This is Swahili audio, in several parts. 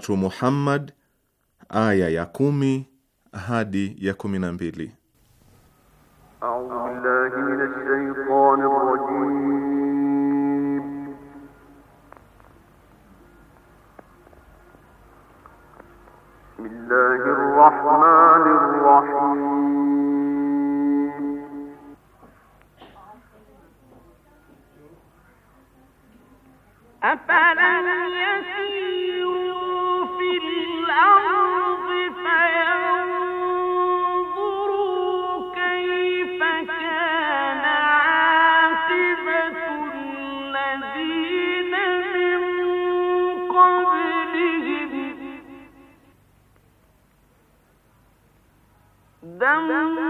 tatu Muhammad aya ya kumi hadi ya kumi na mbili. Dum, dum, dum.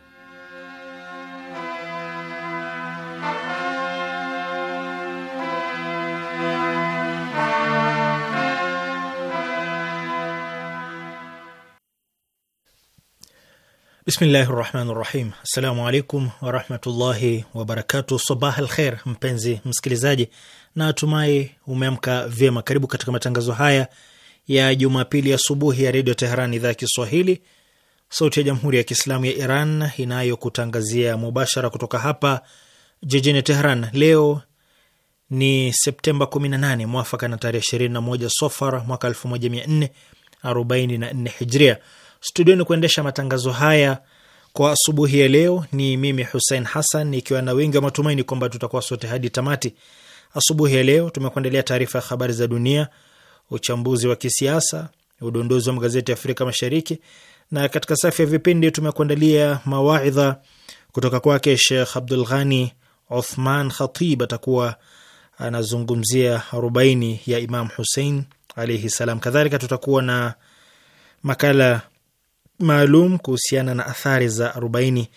Bismillahi rahmani rahim. Assalamu alaikum warahmatullahi wabarakatu. Sabah al kher, mpenzi msikilizaji, na atumai umeamka vyema. Karibu katika matangazo haya ya Jumapili asubuhi ya Redio Teheran, idhaa ya Kiswahili, sauti ya Jamhuri ya Kiislamu ya Iran inayokutangazia mubashara kutoka hapa jijini Teheran. Leo ni Septemba 18 mwafaka na tarehe 21 Sofar mwaka 1444 hijria Studioni kuendesha matangazo haya kwa asubuhi ya leo ni mimi Hussein Hassan, nikiwa na wengi wa matumaini kwamba tutakuwa sote hadi tamati. Asubuhi ya leo tumekuandalia taarifa ya habari za dunia, uchambuzi wa kisiasa, udondozi wa magazeti ya Afrika Mashariki, na katika safu ya vipindi tumekuandalia mawaidha kutoka kwake Shekh Abdul Ghani Uthman Khatib, atakuwa anazungumzia arobaini ya Imam Husein alaihi salam. Kadhalika tutakuwa na makala maalum kuhusiana na athari za arobaini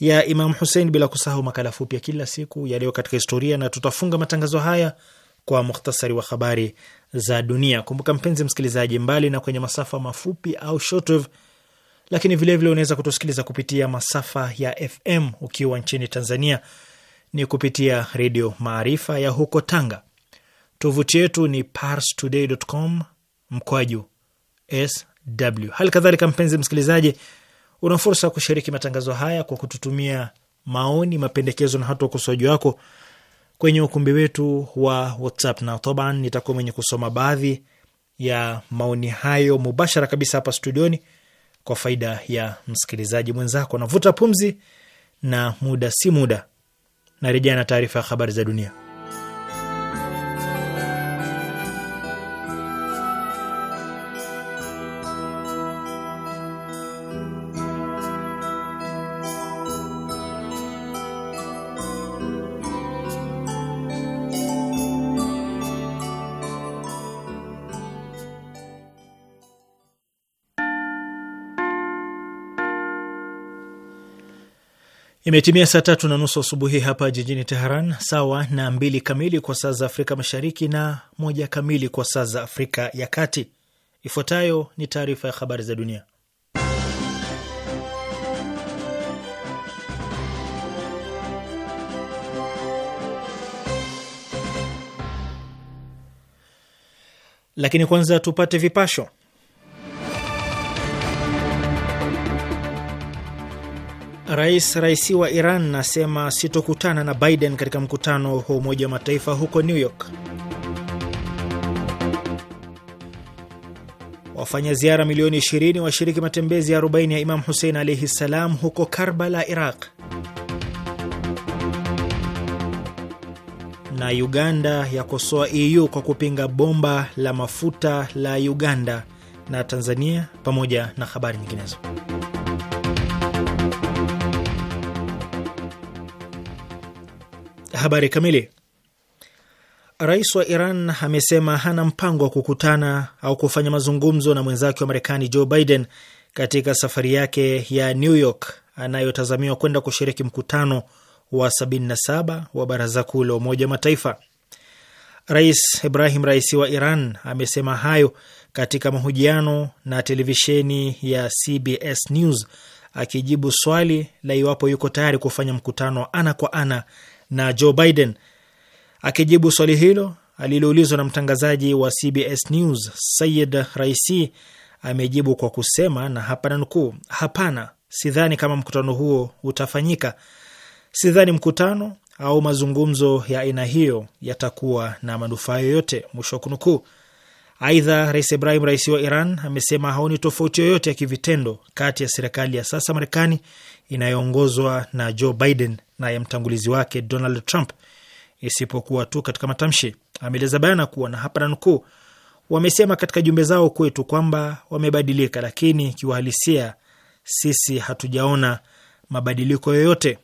ya Imam Husein, bila kusahau makala fupi ya kila siku yaliyo katika historia, na tutafunga matangazo haya kwa muhtasari wa habari za dunia. Kumbuka mpenzi msikilizaji, mbali na kwenye masafa mafupi au shortwave, lakini vilevile unaweza kutusikiliza kupitia masafa ya FM ukiwa nchini Tanzania ni kupitia Redio Maarifa ya huko Tanga. Tovuti yetu ni parstoday.com mkwaju s DW. Hali kadhalika, mpenzi msikilizaji, una fursa ya kushiriki matangazo haya kwa kututumia maoni, mapendekezo na hata ukosoaji wako kwenye ukumbi wetu wa WhatsApp na toban, nitakuwa mwenye kusoma baadhi ya maoni hayo mubashara kabisa hapa studioni kwa faida ya msikilizaji mwenzako. Navuta pumzi, na muda si muda narejea na taarifa ya habari za dunia. Imetimia saa tatu na nusu asubuhi hapa jijini Teheran, sawa na mbili kamili kwa saa za Afrika Mashariki na moja kamili kwa saa za Afrika ya Kati. Ifuatayo ni taarifa ya habari za dunia, lakini kwanza tupate vipasho. Rais Raisi wa Iran nasema sitokutana na Biden katika mkutano wa Umoja wa Mataifa huko New York. Wafanya ziara milioni 20 washiriki matembezi ya 40 ya Imam Husein alaihi ssalam huko Karbala, Iraq. Na Uganda yakosoa EU kwa kupinga bomba la mafuta la Uganda na Tanzania, pamoja na habari nyinginezo. Habari kamili. Rais wa Iran amesema hana mpango wa kukutana au kufanya mazungumzo na mwenzake wa Marekani Joe Biden katika safari yake ya New York anayotazamiwa kwenda kushiriki mkutano wa 77 wa Baraza Kuu la Umoja wa Mataifa. Rais Ibrahim Raisi wa Iran amesema hayo katika mahojiano na televisheni ya CBS News akijibu swali la iwapo yuko tayari kufanya mkutano ana kwa ana na Joe Biden. Akijibu swali hilo aliloulizwa na mtangazaji wa CBS News, Sayid Raisi amejibu kwa kusema, na hapa nanukuu, hapana, sidhani kama mkutano huo utafanyika. Sidhani mkutano au mazungumzo ya aina hiyo yatakuwa na manufaa yoyote, mwisho wa kunukuu. Aidha, Rais Ibrahim Raisi wa Iran amesema haoni tofauti yoyote ya kivitendo kati ya serikali ya sasa Marekani inayoongozwa na Joe Biden na ya mtangulizi wake Donald Trump, isipokuwa tu katika matamshi. Ameeleza bayana kuwa na hapa nanukuu, wamesema katika jumbe zao kwetu kwamba wamebadilika, lakini kiuhalisia sisi hatujaona mabadiliko yoyote,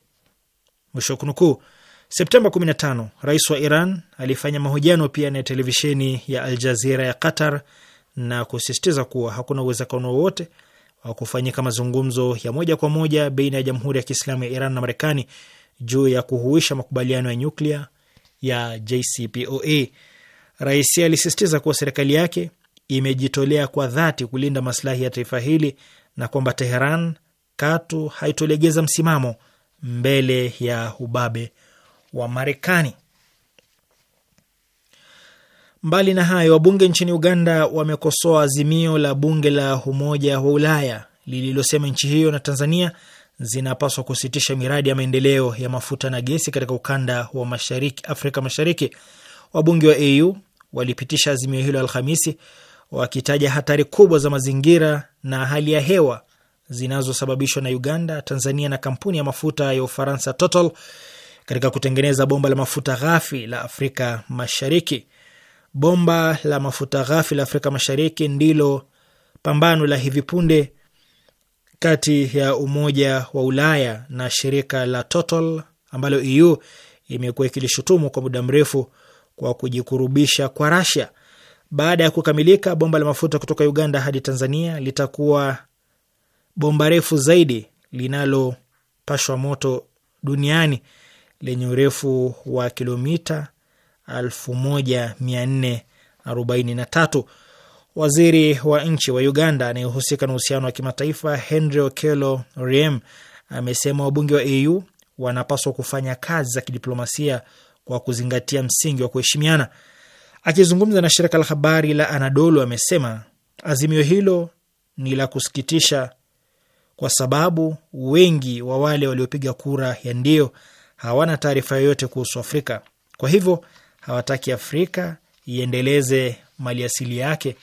mwisho wa kunukuu. Septemba 15 rais wa Iran alifanya mahojiano pia na televisheni ya Al Jazira ya Qatar na kusisitiza kuwa hakuna uwezekano wowote wa kufanyika mazungumzo ya moja kwa moja baina ya Jamhuri ya Kiislamu ya Iran na Marekani juu ya kuhuisha makubaliano ya nyuklia ya JCPOA. Rais alisisitiza kuwa serikali yake imejitolea kwa dhati kulinda maslahi ya taifa hili na kwamba Teheran katu haitolegeza msimamo mbele ya ubabe wa Marekani. Mbali na hayo, wabunge nchini Uganda wamekosoa azimio la bunge la Umoja wa Ulaya lililosema nchi hiyo na Tanzania zinapaswa kusitisha miradi ya maendeleo ya mafuta na gesi katika ukanda wa mashariki, Afrika Mashariki. Wabunge wa AU walipitisha azimio hilo Alhamisi wakitaja hatari kubwa za mazingira na hali ya hewa zinazosababishwa na Uganda, Tanzania na kampuni ya mafuta ya Ufaransa Total katika kutengeneza bomba la mafuta ghafi la Afrika Mashariki. Bomba la mafuta ghafi la Afrika Mashariki ndilo pambano la hivi punde kati ya Umoja wa Ulaya na shirika la Total ambalo EU imekuwa ikilishutumu kwa muda mrefu kwa kujikurubisha kwa Rasia. Baada ya kukamilika bomba la mafuta kutoka Uganda hadi Tanzania, litakuwa bomba refu zaidi linalopashwa moto duniani lenye urefu wa kilomita 1443. Waziri wa nchi wa Uganda anayehusika na uhusiano wa kimataifa Henry Okello Oryem amesema wabunge wa AU wanapaswa kufanya kazi za kidiplomasia kwa kuzingatia msingi wa kuheshimiana. Akizungumza na shirika la habari la Anadolu amesema azimio hilo ni la kusikitisha kwa sababu wengi wa wale waliopiga kura ya ndio hawana taarifa yoyote kuhusu Afrika. Kwa hivyo hawataki Afrika iendeleze maliasili yake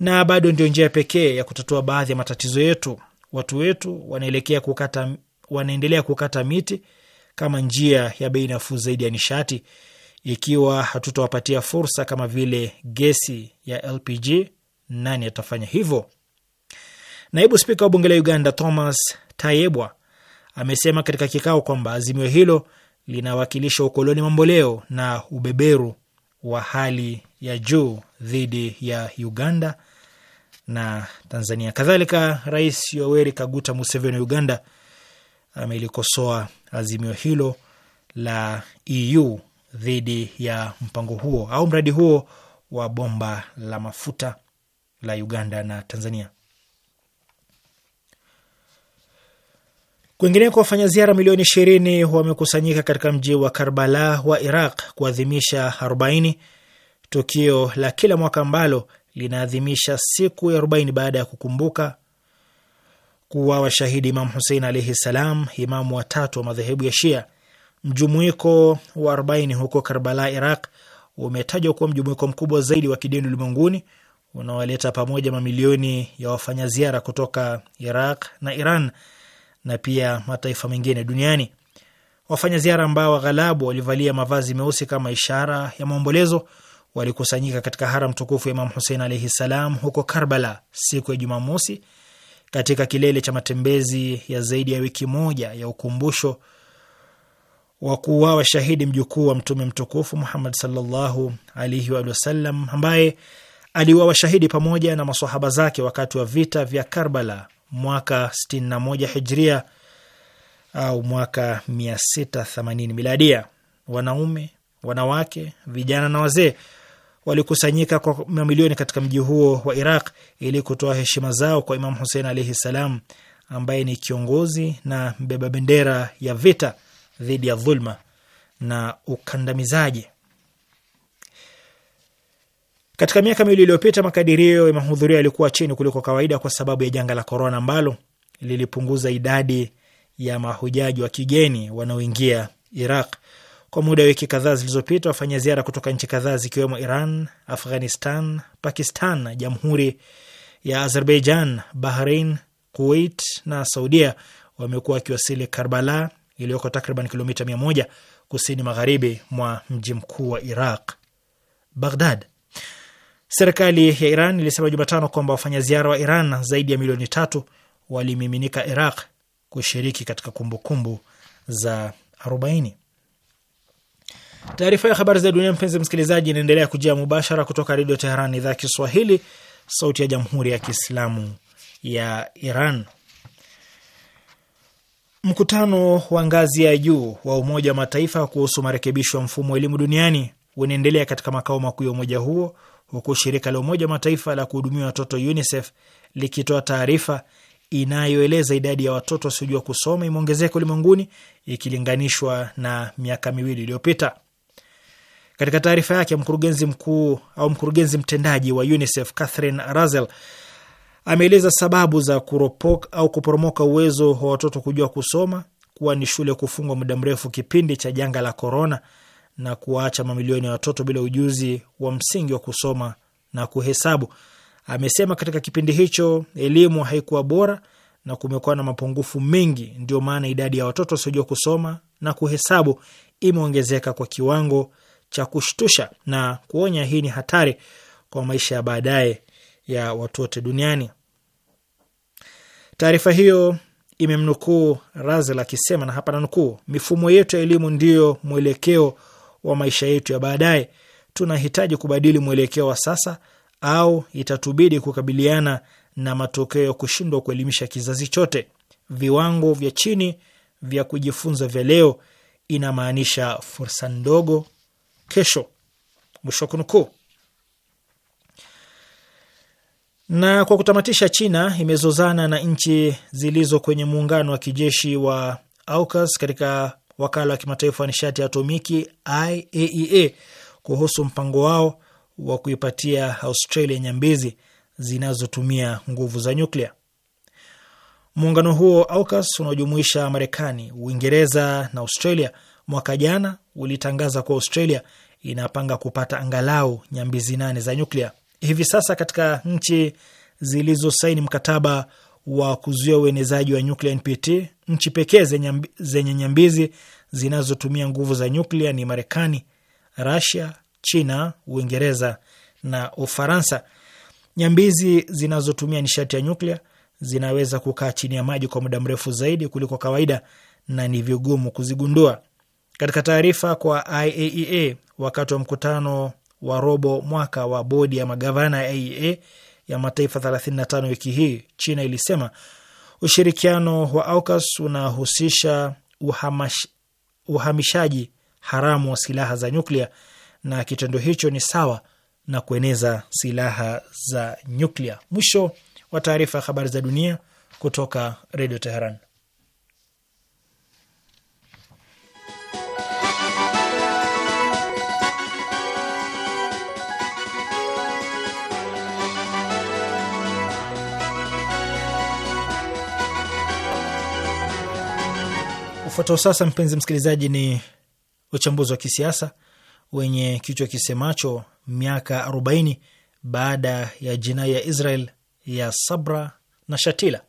na bado ndio njia pekee ya kutatua baadhi ya matatizo yetu. Watu wetu wanaelekea kukata, wanaendelea kukata miti kama njia ya bei nafuu zaidi ya nishati. Ikiwa hatutawapatia fursa kama vile gesi ya LPG, nani atafanya hivyo? Naibu spika wa bunge la Uganda Thomas Tayebwa amesema katika kikao kwamba azimio hilo linawakilisha ukoloni mamboleo na ubeberu wa hali ya juu dhidi ya Uganda na Tanzania. Kadhalika, Rais Yoweri Kaguta Museveni wa Uganda amelikosoa azimio hilo la EU dhidi ya mpango huo au mradi huo wa bomba la mafuta la Uganda na Tanzania. Kwingineko, wafanya ziara milioni ishirini wamekusanyika katika mji wa Karbala wa Iraq kuadhimisha arobaini, tukio la kila mwaka ambalo linaadhimisha siku ya 40 baada ya kukumbuka kuwa washahidi Imam Husein alaihi salam, imamu watatu wa madhehebu ya Shia. Mjumuiko wa 40 huko Karbala, Iraq, umetajwa kuwa mjumuiko mkubwa zaidi wa kidini ulimwenguni unaoleta pamoja mamilioni ya wafanyaziara kutoka Iraq na Iran na pia mataifa mengine duniani. Wafanyaziara ambao waghalabu walivalia mavazi meusi kama ishara ya maombolezo walikusanyika katika haram tukufu ya Imam Husein alaihi ssalam huko Karbala siku ya Jumamosi, katika kilele cha matembezi ya zaidi ya wiki moja ya ukumbusho wa kuuawa shahidi mjukuu wa Mtume mtukufu Muhammad sallallahu alaihi wa sallam, ambaye aliuawa shahidi pamoja na masahaba zake wakati wa vita vya Karbala mwaka 61 hijria au mwaka 680 miladia. Wanaume, wanawake, vijana na wazee walikusanyika kwa mamilioni katika mji huo wa Iraq ili kutoa heshima zao kwa Imam Hussein alaihi salam, ambaye ni kiongozi na mbeba bendera ya vita dhidi ya dhulma na ukandamizaji. Katika miaka miwili iliyopita, makadirio ya mahudhurio yalikuwa chini kuliko kawaida kwa sababu ya janga la korona ambalo lilipunguza idadi ya mahujaji wa kigeni wanaoingia Iraq. Kwa muda wa wiki kadhaa zilizopita, wafanya ziara kutoka nchi kadhaa zikiwemo Iran, Afghanistan, Pakistan, Jamhuri ya Azerbaijan, Bahrain, Kuwait na Saudia wamekuwa wakiwasili Karbala iliyoko takriban kilomita mia moja kusini magharibi mwa mji mkuu wa Iraq, Baghdad. Serikali ya Iran ilisema Jumatano kwamba wafanyaziara wa Iran zaidi ya milioni tatu walimiminika Iraq kushiriki katika kumbukumbu kumbu za arobaini. Taarifa ya habari za dunia, mpenzi msikilizaji, inaendelea kujia mubashara kutoka Redio Teheran, idhaa ya Kiswahili, sauti ya Jamhuri ya Kiislamu ya Iran. Mkutano wa ngazi ya juu wa Umoja wa Mataifa kuhusu marekebisho ya mfumo wa elimu duniani unaendelea katika makao makuu ya umoja huo, huku shirika la Umoja wa Mataifa la kuhudumia watoto UNICEF likitoa taarifa inayoeleza idadi ya watoto wasiojua kusoma imeongezeka ulimwenguni ikilinganishwa na miaka miwili iliyopita. Katika taarifa yake, mkurugenzi mkuu au mkurugenzi mtendaji wa UNICEF Catherine Razel ameeleza sababu za kuropoka au kuporomoka uwezo wa watoto kujua kusoma kuwa ni shule kufungwa muda mrefu kipindi cha janga la korona na kuwaacha mamilioni ya watoto bila ujuzi wa msingi wa kusoma na kuhesabu. Amesema katika kipindi hicho elimu haikuwa bora na kumekuwa na mapungufu mengi, ndio maana idadi ya watoto wasiojua kusoma na kuhesabu imeongezeka kwa kiwango cha kushtusha na kuonya, hii ni hatari kwa maisha ya baadaye ya watu wote duniani. Taarifa hiyo imemnukuu Razel akisema, na hapa nanukuu, mifumo yetu ya elimu ndiyo mwelekeo wa maisha yetu ya baadaye. Tunahitaji kubadili mwelekeo wa sasa, au itatubidi kukabiliana na matokeo ya kushindwa kuelimisha kizazi chote. Viwango vya chini vya kujifunza vya leo inamaanisha fursa ndogo kesho, mwisho wa kunukuu. Na kwa kutamatisha, China imezozana na nchi zilizo kwenye muungano wa kijeshi wa AUKUS katika wakala wa kimataifa wa nishati ya atomiki IAEA e kuhusu mpango wao wa kuipatia Australia nyambizi zinazotumia nguvu za nyuklia. Muungano huo AUKUS unaojumuisha Marekani, Uingereza na Australia mwaka jana ulitangaza kuwa Australia inapanga kupata angalau nyambizi nane za nyuklia. Hivi sasa katika nchi zilizosaini mkataba wa kuzuia uenezaji wa nyuklia NPT, nchi pekee zenye nyambizi zinazotumia nguvu za nyuklia ni Marekani, Rasia, China, Uingereza na Ufaransa. Nyambizi zinazotumia nishati ya nyuklia zinaweza kukaa chini ya maji kwa muda mrefu zaidi kuliko kawaida na ni vigumu kuzigundua. Katika taarifa kwa IAEA e wakati wa mkutano wa robo mwaka wa bodi ya magavana ya aea e ya mataifa 35 wiki hii, China ilisema ushirikiano wa AUKUS unahusisha uhamash, uhamishaji haramu wa silaha za nyuklia na kitendo hicho ni sawa na kueneza silaha za nyuklia. Mwisho wa taarifa ya habari za dunia kutoka Redio Teheran. Ufuatao sasa, mpenzi msikilizaji, ni uchambuzi wa kisiasa wenye kichwa kisemacho miaka 40 baada ya jinai ya Israel ya Sabra na Shatila.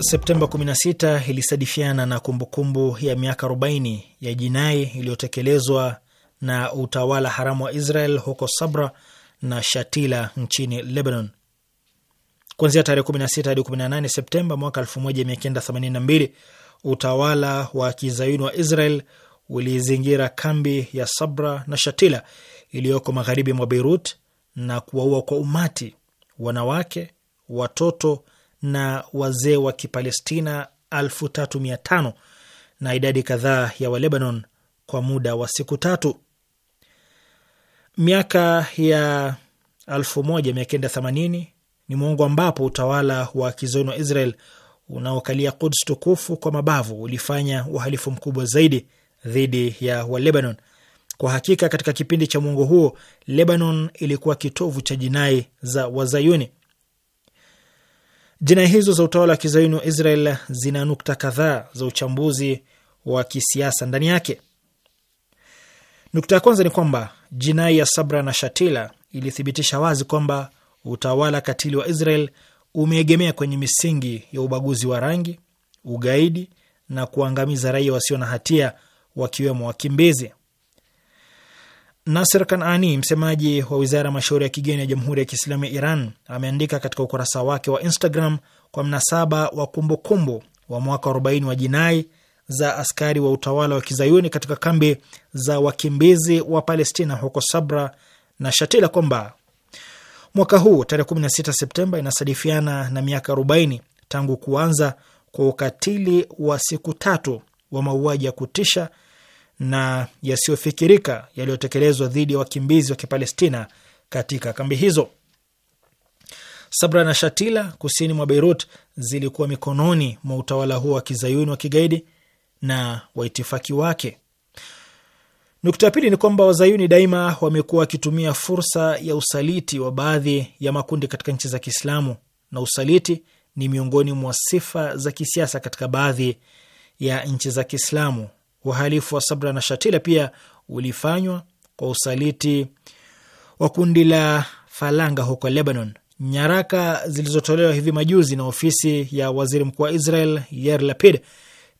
Septemba 16 ilisadifiana na kumbukumbu ya miaka 40 ya jinai iliyotekelezwa na utawala haramu wa Israel huko Sabra na Shatila nchini Lebanon. Kuanzia tarehe 16 hadi 18 Septemba mwaka 1982 utawala wa kizayuni wa Israel ulizingira kambi ya Sabra na Shatila iliyoko magharibi mwa Beirut na kuwaua kwa umati wanawake, watoto na wazee wa Kipalestina 3500 na idadi kadhaa ya Walebanon kwa muda wa siku tatu. Miaka ya elfu moja mia kenda themanini ni mwongo ambapo utawala wa kizoni wa Israel unaokalia Kuds tukufu kwa mabavu ulifanya uhalifu mkubwa zaidi dhidi ya Walebanon. Kwa hakika, katika kipindi cha mwongo huo Lebanon ilikuwa kitovu cha jinai za Wazayuni. Jinai hizo za utawala wa kizayuni wa Israel zina nukta kadhaa za uchambuzi wa kisiasa ndani yake. Nukta ya kwanza ni kwamba jinai ya Sabra na Shatila ilithibitisha wazi kwamba utawala katili wa Israel umeegemea kwenye misingi ya ubaguzi wa rangi, ugaidi na kuangamiza raia wasio na hatia wakiwemo wakimbizi. nasir Kanani, msemaji wa wizara ya mashauri ya kigeni ya Jamhuri ya Kiislamu ya Iran, ameandika katika ukurasa wake wa Instagram kwa mnasaba wa kumbukumbu wa mwaka 40 wa jinai za askari wa utawala wa kizayuni katika kambi za wakimbizi wa Palestina huko Sabra na Shatila kwamba mwaka huu tarehe 16 Septemba inasadifiana na miaka 40 tangu kuanza kwa ukatili wa siku tatu wa mauaji ya kutisha na yasiyofikirika yaliyotekelezwa dhidi ya wakimbizi wa Kipalestina katika kambi hizo. Sabra na Shatila kusini mwa Beirut zilikuwa mikononi mwa utawala huo wa kizayuni wa kigaidi na waitifaki wake. Nukta ya pili ni kwamba wazayuni daima wamekuwa wakitumia fursa ya usaliti wa baadhi ya makundi katika nchi za Kiislamu, na usaliti ni miongoni mwa sifa za kisiasa katika baadhi ya nchi za Kiislamu. Uhalifu wa Sabra na Shatila pia ulifanywa kwa usaliti wa kundi la Falanga huko Lebanon. Nyaraka zilizotolewa hivi majuzi na ofisi ya waziri mkuu wa Israel Yair Lapid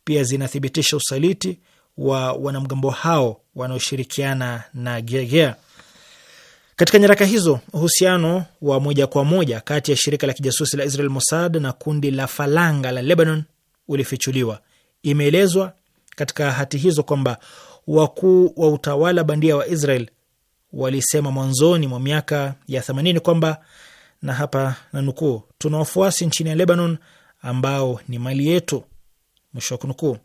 pia zinathibitisha usaliti wa wanamgambo hao wanaoshirikiana na Gegea. Katika nyaraka hizo, uhusiano wa moja kwa moja kati ya shirika la kijasusi la Israel Mossad na kundi la Falanga la Lebanon ulifichuliwa. Imeelezwa katika hati hizo kwamba wakuu wa utawala bandia wa Israel walisema mwanzoni mwa miaka ya 80 kwamba, na hapa na nukuu, tuna wafuasi nchini ya Lebanon ambao ni mali yetu. Mwisho wa kunukuu.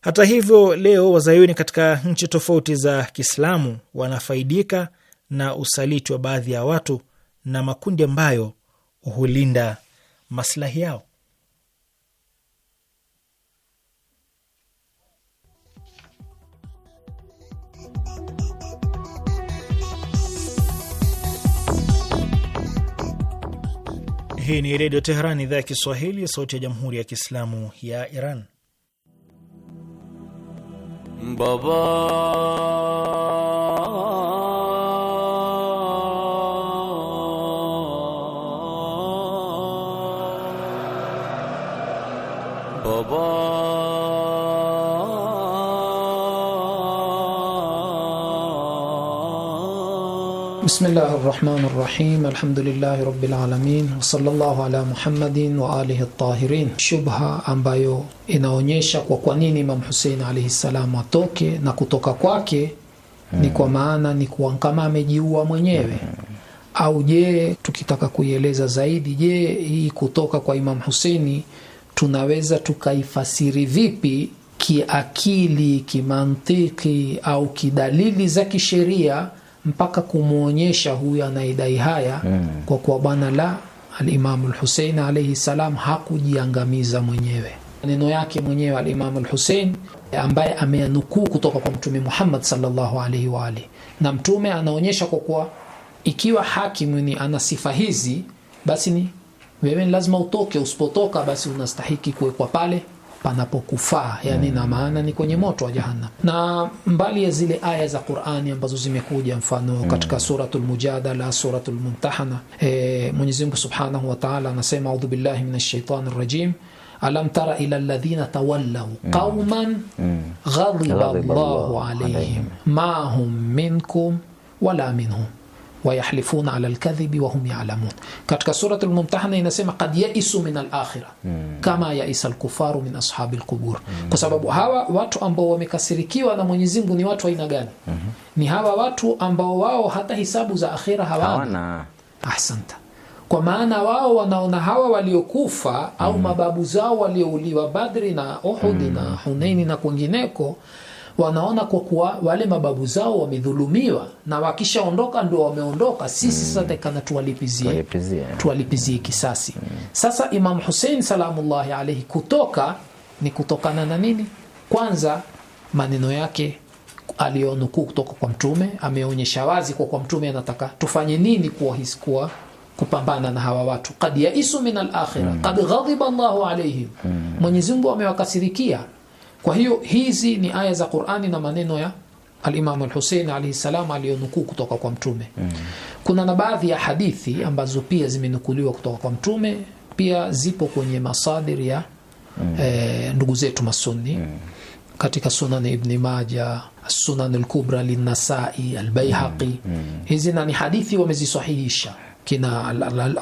Hata hivyo, leo wazayuni katika nchi tofauti za Kiislamu wanafaidika na usaliti wa baadhi ya watu na makundi ambayo hulinda maslahi yao. Hii ni Redio Teheran, idhaa ya Kiswahili, sauti ya Jamhuri ya Kiislamu ya Iran. Baba, baba بسم الله الرحمن الرحيم الحمد لله رب العالمين وصلى الله على محمد وآله الطاهرين shubha ambayo inaonyesha kwa kwa nini Imam Hussein alayhi salam atoke na kutoka kwake ni kwa maana ni kwa kama amejiua mwenyewe au je tukitaka kuieleza zaidi je hii kutoka kwa Imam Huseini tunaweza tukaifasiri vipi kiakili kimantiki au kidalili za kisheria mpaka kumwonyesha huyu anayedai haya hmm. kwa kuwa bwana la alimamu lhusein alaihi salam hakujiangamiza mwenyewe maneno yake mwenyewe alimamu lhusein ambaye ameyanukuu kutoka kwa mtume muhammad salllahu alaihi waalihi na mtume anaonyesha kwa kuwa ikiwa hakimu ni ana sifa hizi basi ni wewe ni lazima utoke usipotoka basi unastahiki kuwekwa pale panapokufaa yani mm. na maana ni kwenye moto wa jahannam na mbali ya zile aya za qurani ambazo zimekuja mfano mm. katika surat lmujadala suratu lmumtahana e, mwenyezimungu subhanahu wataala anasema audhu billahi min shaitani rajim alam tara ila ladhina tawallau mm. qauman mm. ghadiba llahu alaihim ma hum minkum wala minhum wayahlifuna ala lkadhibi wahum yalamun. Katika Surat Lmumtahana inasema kad yaisu min alakhira mm. kama yaisa lkufaru min ashabi lqubur mm. kwa sababu hawa watu ambao wamekasirikiwa na mwenyezimgu ni watu aina gani? mm -hmm. ni hawa watu ambao wao hata hisabu za akhira hawana. Ahsanta. Kwa maana wao wanaona hawa waliokufa au mm. mababu zao waliouliwa Badri na Uhudi mm. na Huneini na kwingineko wanaona kwa kuwa wale mababu zao wamedhulumiwa na wakishaondoka ndio wameondoka, sisi mm. sasa takana tuwalipizie, tuwalipizie kisasi. Mm. Sasa Imam Hussein salamullahi alaihi kutoka ni kutokana na nini? Kwanza maneno yake aliyonukuu kutoka kwa Mtume ameonyesha wazi kwa kwa Mtume anataka tufanye nini kuwa kupambana na hawa watu, kad yaisu min al-akhirah, mm. qad ghadiba Allahu alayhim, mm. Mwenyezi Mungu amewakasirikia kwa hiyo hizi ni aya za Qur'ani na maneno ya alimamu lhusein alaihi ssalam salam aliyonukuu kutoka kwa Mtume. Mm. Kuna na baadhi ya hadithi ambazo pia zimenukuliwa kutoka kwa Mtume, pia zipo kwenye masadir ya mm. e, ndugu zetu Masunni. Mm. Katika Sunan ibni maja Sunan lkubra linasai albaihaqi Mm. Mm. Hizi na ni hadithi wamezisahihisha kina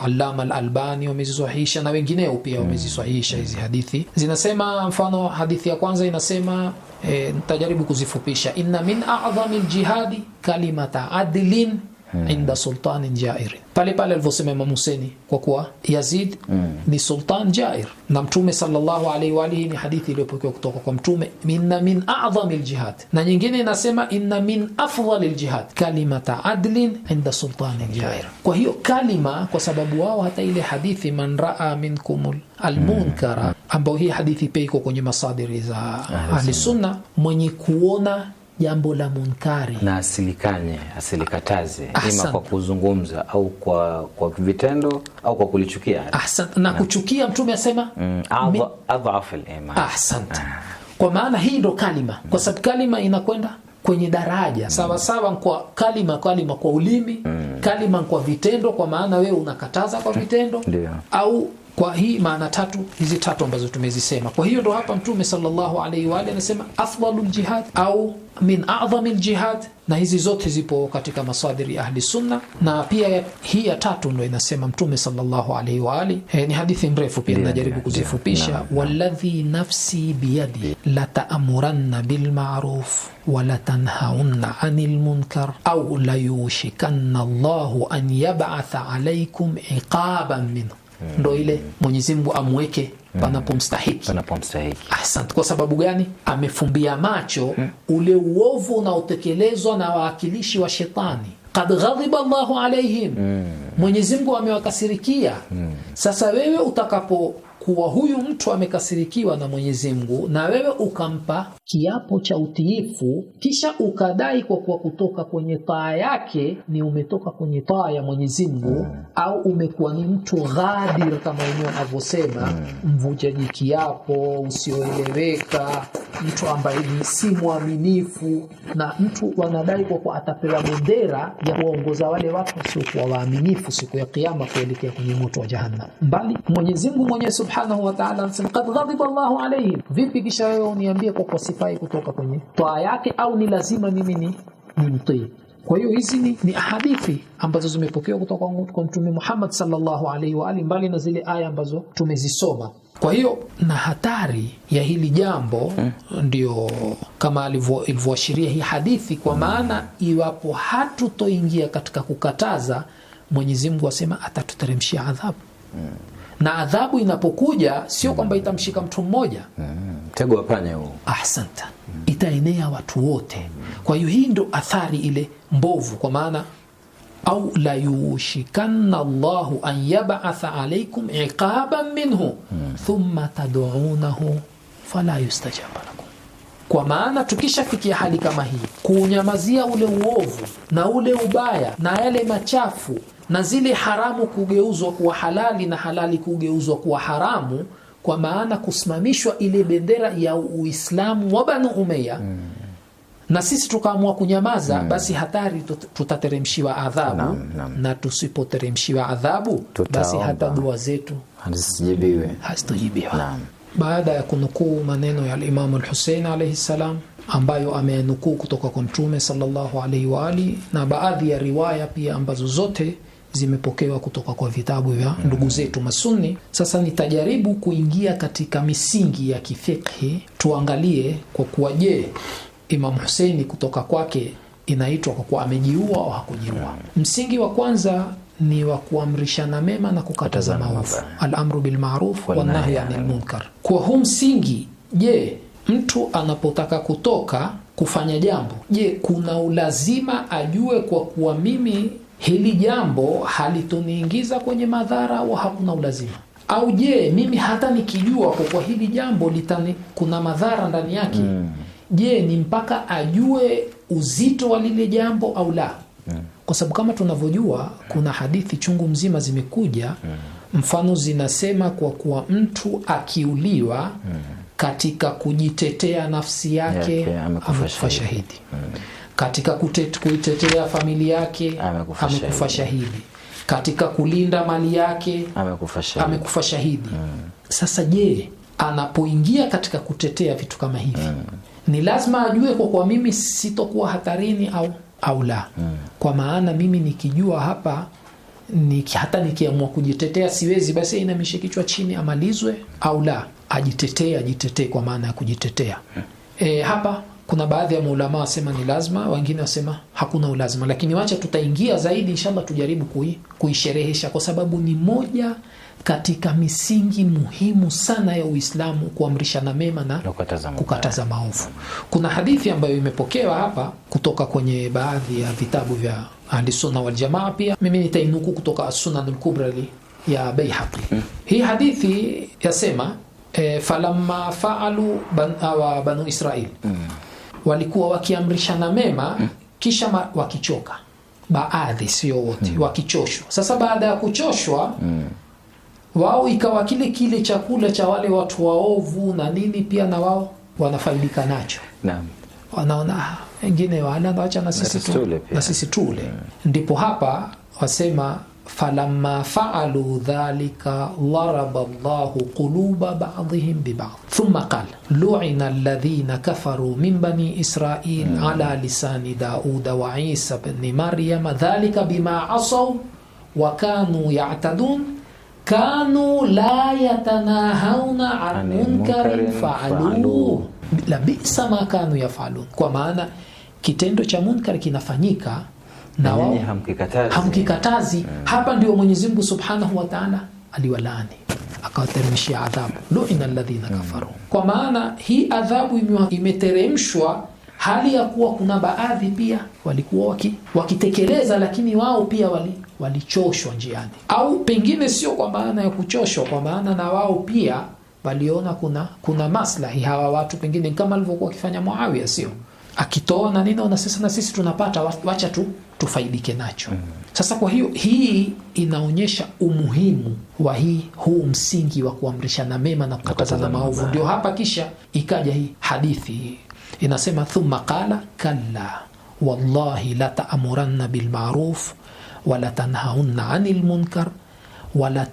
alama alalbani wamezisahihisha na wengineo pia hmm. wamezisahihisha hizi hadithi. Zinasema mfano hadithi ya kwanza inasema eh, nitajaribu kuzifupisha, inna min a'dhamil ljihadi kalimata adlin mm. inda sultanin jair pale pale alivyosema huseni kwa kuwa Yazid mm. ni sultan jair na mtume sallallahu alaihi wa alihi ni hadithi iliyopokewa kutoka kwa mtume minna min a'zami aljihad na nyingine inasema inna min afdhali aljihad kalimata adlin inda sultani mm. jair kwa hiyo kalima kwa sababu wao hata ile hadithi man raa minkum almunkara mm. ambayo hii hadithi pia iko kwenye masadiri za ahli sunna mwenye kuona jambo la munkari na asilikanye, asilikataze ima kwa kuzungumza au kwa, kwa vitendo au kwa kulichukia Ahsan. na kuchukia mtume asema mm, adhafu al-iman. Eh, ah. Kwa maana hii ndo kalima, kwa mm. sababu kalima inakwenda kwenye daraja sawasawa, mm. kwa kalima kalima kwa ulimi mm. kalima kwa vitendo, kwa maana wewe unakataza kwa mm. vitendo mm. au kwa hii maana tatu hizi tatu ambazo tumezisema. Kwa hiyo ndo hapa Mtume sallallahu alaihi wa alihi anasema afdalul jihad au min a'dhamil jihad, na hizi zote zipo katika masadiri ya ahli sunna, na pia hii ya tatu ndo inasema Mtume sallallahu alaihi wa alihi e, eh, ni hadithi mrefu pia najaribu kuzifupisha, walladhi nafsi biyadi la ta'muranna bil ma'ruf wa la tanhaunna 'anil munkar au la yushikanna Allahu an yab'atha alaykum iqaban minhu ndo ile Mwenyezi amweke panapomstahiki Asante. Kwa sababu gani? Amefumbia macho hmm. ule uovu unaotekelezwa na waakilishi wa shetani kad ghadhiba llahu alaihim, hmm. Mwenyezi amewakasirikia. Hmm. Sasa wewe utakapo kuwa huyu mtu amekasirikiwa na Mwenyezi Mungu, na wewe ukampa kiapo cha utiifu, kisha ukadai kwa kuwa kutoka kwenye taa yake ni umetoka kwenye taa ya Mwenyezi Mungu mm. au umekuwa ni mtu ghadir kama wenyewe anavyosema mm. mvujaji kiapo, usioeleweka, mtu ambaye ni si mwaminifu, na mtu wanadai kwa kuwa atapewa bendera ya kuwaongoza wale watu wasiokuwa waaminifu siku ya Kiyama kuelekea kwenye moto wa Jahannam, mbali Mwenyezi Mungu mwenyewe subhanahu wa ta'ala anasema qad ghadiba Allahu alayhi vipi kisha wewe uniambie kwa kusifai kutoka kwenye toa yake au ni lazima mimi ni nimtii kwa hiyo hizi ni, ni hadithi ambazo zimepokewa kutoka kwa Mtume Muhammad sallallahu alaihi wa alihi mbali na zile aya ambazo tumezisoma. Kwa hiyo na hatari ya hili jambo hmm. ndio kama alivyoashiria hii hadithi, kwa hmm. maana iwapo hatutoingia katika kukataza, Mwenyezi Mungu asema atatuteremshia adhabu hmm na adhabu inapokuja sio kwamba itamshika mtu mmoja mtego wa panya huo asante itaenea watu wote kwa hiyo hii ndo athari ile mbovu kwa maana au la yushikanna llahu an yabatha alaikum iqaban minhu thumma taduunahu fala yustajaba lakum kwa maana tukishafikia hali kama hii kuunyamazia ule uovu na ule ubaya na yale machafu na zile haramu kugeuzwa kuwa halali na halali kugeuzwa kuwa haramu kwa maana kusimamishwa ile bendera ya Uislamu wa Banu Umayya mm. na sisi tukaamua kunyamaza mm. basi hatari tutateremshiwa adhabu na, na tusipoteremshiwa adhabu Tuta basi hata dua zetu hazisijibiwe hazitojibiwa baada ya kunukuu maneno ya Imam al-Hussein alayhi salam ambayo ameyanukuu kutoka kwa Mtume sallallahu alaihi wa ali na baadhi ya riwaya pia ambazo zote zimepokewa kutoka kwa vitabu vya mm. ndugu zetu Masuni. Sasa nitajaribu kuingia katika misingi ya kifikhi, tuangalie kwa kuwa, je, Imam Huseini kutoka kwake inaitwa kwa kuwa amejiua au hakujiua? Mm. Msingi wa kwanza ni wa kuamrishana mema na kukataza maovu, alamru bilmaruf wanahyi anil munkar. Kwa huu msingi, je, mtu anapotaka kutoka kufanya jambo, je, kuna ulazima ajue kwa kuwa mimi hili jambo halitoniingiza kwenye madhara au hakuna ulazima au je mimi hata nikijua kwa kwa hili jambo litani, kuna madhara ndani yake mm. je ni mpaka ajue uzito wa lile jambo au la mm. kwa sababu kama tunavyojua kuna hadithi chungu mzima zimekuja mm. mfano zinasema kwa kuwa mtu akiuliwa mm. katika kujitetea nafsi yake yeah, okay. amekufa shahidi mm katika kuitetea familia yake amekufa, shahidi. katika kulinda mali yake amekufa shahidi, amekufa shahidi. Mm. Sasa je, anapoingia katika kutetea vitu kama hivi hmm. ni lazima ajue kwa kuwa mimi sitokuwa hatarini au, au la hmm. kwa maana mimi nikijua hapa ni, hata nikiamua kujitetea siwezi, basi inamishe kichwa chini amalizwe au la, ajitetee ajitetee, kwa maana ya kujitetea hmm. E, hapa kuna baadhi ya maulama wasema ni lazima, wengine wasema hakuna ulazima, lakini wacha tutaingia zaidi inshallah, tujaribu kui, kuisherehesha kwa sababu ni moja katika misingi muhimu sana ya Uislamu, kuamrishana mema na kukataza maovu. Kuna hadithi ambayo imepokewa hapa kutoka kwenye baadhi ya vitabu vya Ahlusunna Waljamaa, pia mimi nitainuku kutoka sunan al-Kubra ya Baihaqi. Hmm. Hii hadithi yasema e, falamma faalu ban, awa banu Israil hmm walikuwa wakiamrishana mema kisha wakichoka baadhi sio wote mm. wakichoshwa sasa baada ya kuchoshwa mm. wao ikawa kile kile chakula cha wale watu waovu na nini pia na wao wanafaidika nacho naam wanaona ah, wengine wala na sisi tule, na sisi tule. Yeah. ndipo hapa wasema falamma faalu dhalika daraba llahu quluba badihim bibadh thumma qala luina alladhina kafaru min bani israil mm. ala lisani dauda wa isa bni maryama dhalika bima asaw wa kanu yatadun kanu la yatanahauna an munkarin faaluhu labisa ma kanu yafalun kwa maana kitendo cha munkar kinafanyika na wao hamkikatazi, hamkikatazi. Hmm. Hapa ndio Mwenyezi Mungu Subhanahu wa Ta'ala aliwalaani akawateremshia adhabu luina alladhina hmm. kafaru, kwa maana hii adhabu imeteremshwa hali ya kuwa kuna baadhi pia walikuwa waki, wakitekeleza lakini wao pia wali walichoshwa njiani, au pengine sio kwa maana ya kuchoshwa, kwa maana na wao pia waliona kuna kuna maslahi hawa watu, pengine kama alivyokuwa wakifanya Muawiya, sio akitoa na nini, na sasa na sisi tunapata, wacha tu tufaidike nacho. Mm. Sasa kwa hiyo hii inaonyesha umuhimu wa hii huu msingi wa kuamrishana mema na kukatazana maovu. Ndio hapa kisha ikaja hii hadithi inasema, thumma qala kalla wallahi la bilmaruf walatanhaunna tanhaunna anil munkar wala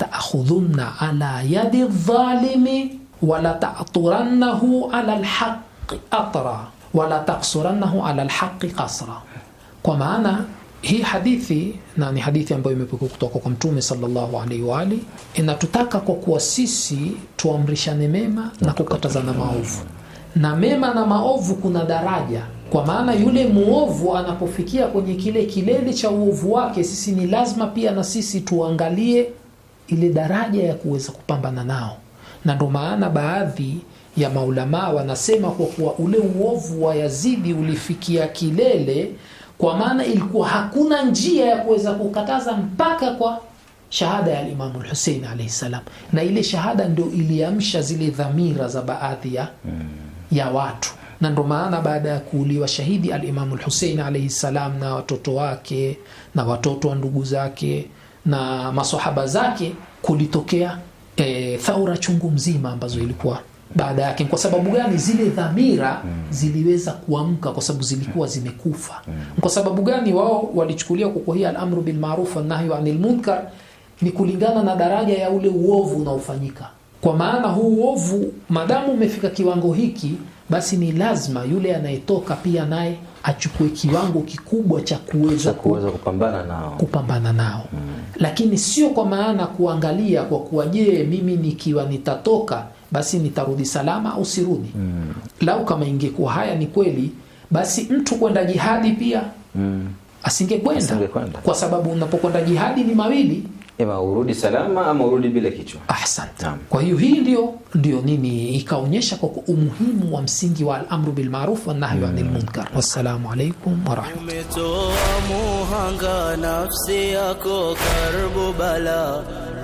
ala yadi dhalimi wala ta'turannahu ala alhaqi atra wala taksurannahu ala lhaqi kasra kwa maana hii hadithi na ni hadithi ambayo imepokea kutoka kwa Mtume sallallahu alaihi wa ali, inatutaka kwa kuwa sisi tuamrishane mema na kukatazana maovu, na mema na maovu kuna daraja kwa maana yule muovu anapofikia kwenye kile kilele cha uovu wake, sisi ni lazima pia na sisi tuangalie ile daraja ya kuweza kupambana nao, na ndo maana baadhi ya maulamaa wanasema kwa kuwa ule uovu wa Yazidi ulifikia kilele, kwa maana ilikuwa hakuna njia ya kuweza kukataza mpaka kwa shahada ya Imamu Hussein alayhi salam, na ile shahada ndio iliamsha zile dhamira za baadhi ya, ya watu na ndo maana baada ya kuuliwa shahidi alimamu Hussein alayhi salam na watoto wake na watoto wa ndugu zake na masahaba zake kulitokea e, thaura chungu mzima ambazo ilikuwa baada yake. Kwa sababu gani? Zile dhamira mm. ziliweza kuamka, kwa sababu zilikuwa mm. zimekufa. Mm. Kwa sababu gani? Wao walichukulia kwa hiyo al-amru bil ma'ruf wa nahyu 'anil munkar ni kulingana na daraja ya ule uovu unaofanyika. Kwa maana huu uovu madamu umefika kiwango hiki, basi ni lazima yule anayetoka pia naye achukue kiwango kikubwa cha kuweza kupambana nao, kupambana nao. Hmm. Lakini sio kwa maana kuangalia kwa kuwa je, mimi nikiwa nitatoka basi nitarudi salama au sirudi mm. lau kama ingekuwa haya ni kweli basi mtu kwenda jihadi pia mm. asingekwenda kwa sababu unapokwenda jihadi ni mawili urudi salama ama urudi bila kichwa ahsante kwa hiyo hii ndio ndio nini ikaonyesha kwa umuhimu wa msingi wa alamru bilmaruf wanahyu ma'ruf wa mm. wassalamu alaikum wa muhanga nafsi yako karbu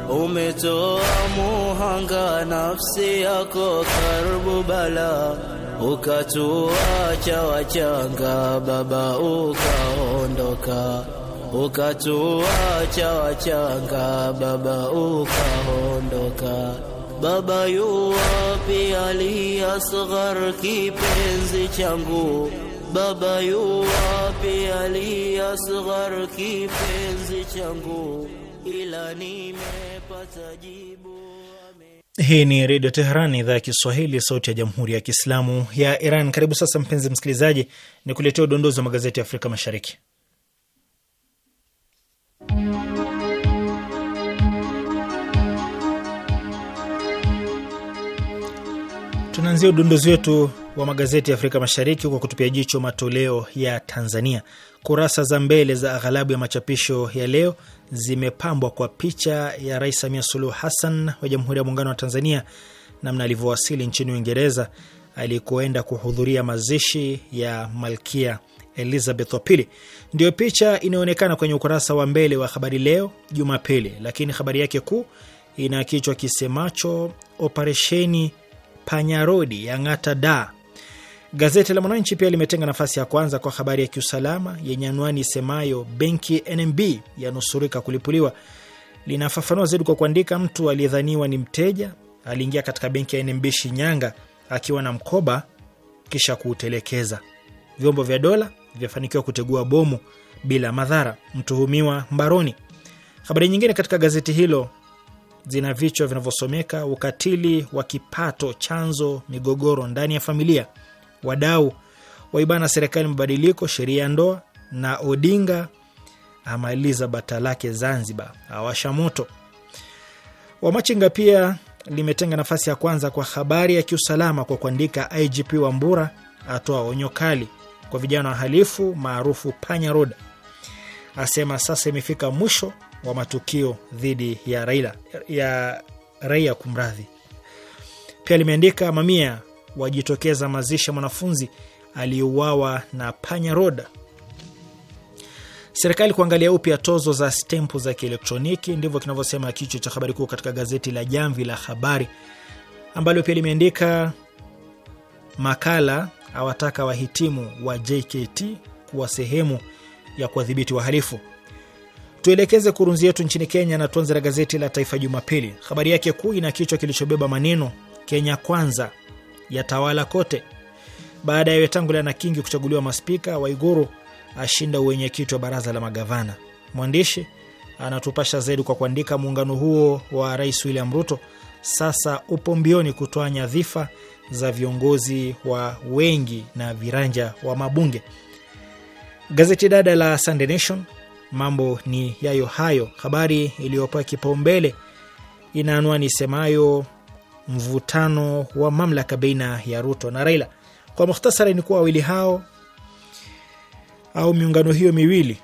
Umetoa muhanga nafsi yako karibu bala, ukatuacha wachanga baba, ukaondoka ukatuacha wachanga baba, ukaondoka. Baba, yuwapi Ali Asghar, kipenzi changu? Baba, yuwapi Ali Asghar, kipenzi changu? ila nimepata jibu. Hii ni Redio Teheran, idhaa ya Kiswahili, sauti ya Jamhuri ya Kiislamu ya Iran. Karibu sasa, mpenzi msikilizaji, ni kuletea udondozi wa magazeti ya Afrika Mashariki. Tunaanzia udondozi wetu wa magazeti ya Afrika Mashariki kwa kutupia jicho matoleo ya Tanzania. Kurasa za mbele za aghalabu ya machapisho ya leo zimepambwa kwa picha ya Rais Samia Suluhu Hassan wa Jamhuri ya Muungano wa Tanzania namna alivyowasili nchini Uingereza alikoenda kuhudhuria mazishi ya Malkia Elizabeth wa Pili. Ndiyo picha inayoonekana kwenye ukurasa wa mbele wa Habari Leo Jumapili, lakini habari yake kuu ina kichwa kisemacho operesheni panyarodi ya ng'ata da Gazeti la Mwananchi pia limetenga nafasi ya kwanza kwa habari ya kiusalama yenye anwani isemayo benki NMB yanusurika kulipuliwa. Linafafanua zaidi kwa kuandika, mtu aliyedhaniwa ni mteja aliingia katika benki ya NMB Shinyanga akiwa na mkoba kisha kuutelekeza. Vyombo vya dola vyafanikiwa kutegua bomu bila madhara, mtuhumiwa mbaroni. Habari nyingine katika gazeti hilo zina vichwa vinavyosomeka ukatili wa kipato chanzo migogoro ndani ya familia wadau waibana serikali mabadiliko sheria ya ndoa, na Odinga amaliza bata lake Zanzibar, awasha moto. Wamachinga pia limetenga nafasi ya kwanza kwa habari ya kiusalama kwa kuandika IGP Wambura atoa onyo kali kwa vijana wahalifu maarufu panya road, asema sasa imefika mwisho wa matukio dhidi ya ya raia kumradhi. Pia limeandika mamia wajitokeza mazishi ya mwanafunzi aliyeuawa na panya roda. Serikali kuangalia upya tozo za stempu za kielektroniki, ndivyo kinavyosema kichwa cha habari kuu katika gazeti la Jamvi la Habari, ambalo pia limeandika makala awataka wahitimu wa JKT kuwa sehemu ya kuwadhibiti wahalifu. Tuelekeze kurunzi yetu nchini Kenya na tuanze na gazeti la Taifa Jumapili. Habari yake kuu ina kichwa kilichobeba maneno Kenya Kwanza yatawala kote. Baada ya Wetangula na Kingi kuchaguliwa maspika, Waiguru ashinda uwenyekiti wa baraza la magavana. Mwandishi anatupasha zaidi kwa kuandika, muungano huo wa Rais William Ruto sasa upo mbioni kutoa nyadhifa za viongozi wa wengi na viranja wa mabunge. Gazeti dada la Sunday Nation, mambo ni yayo hayo. Habari iliyopewa kipaumbele ina anwani isemayo mvutano wa mamlaka baina ya Ruto na Raila. Kwa mukhtasari, ni kuwa wawili hao au miungano hiyo miwili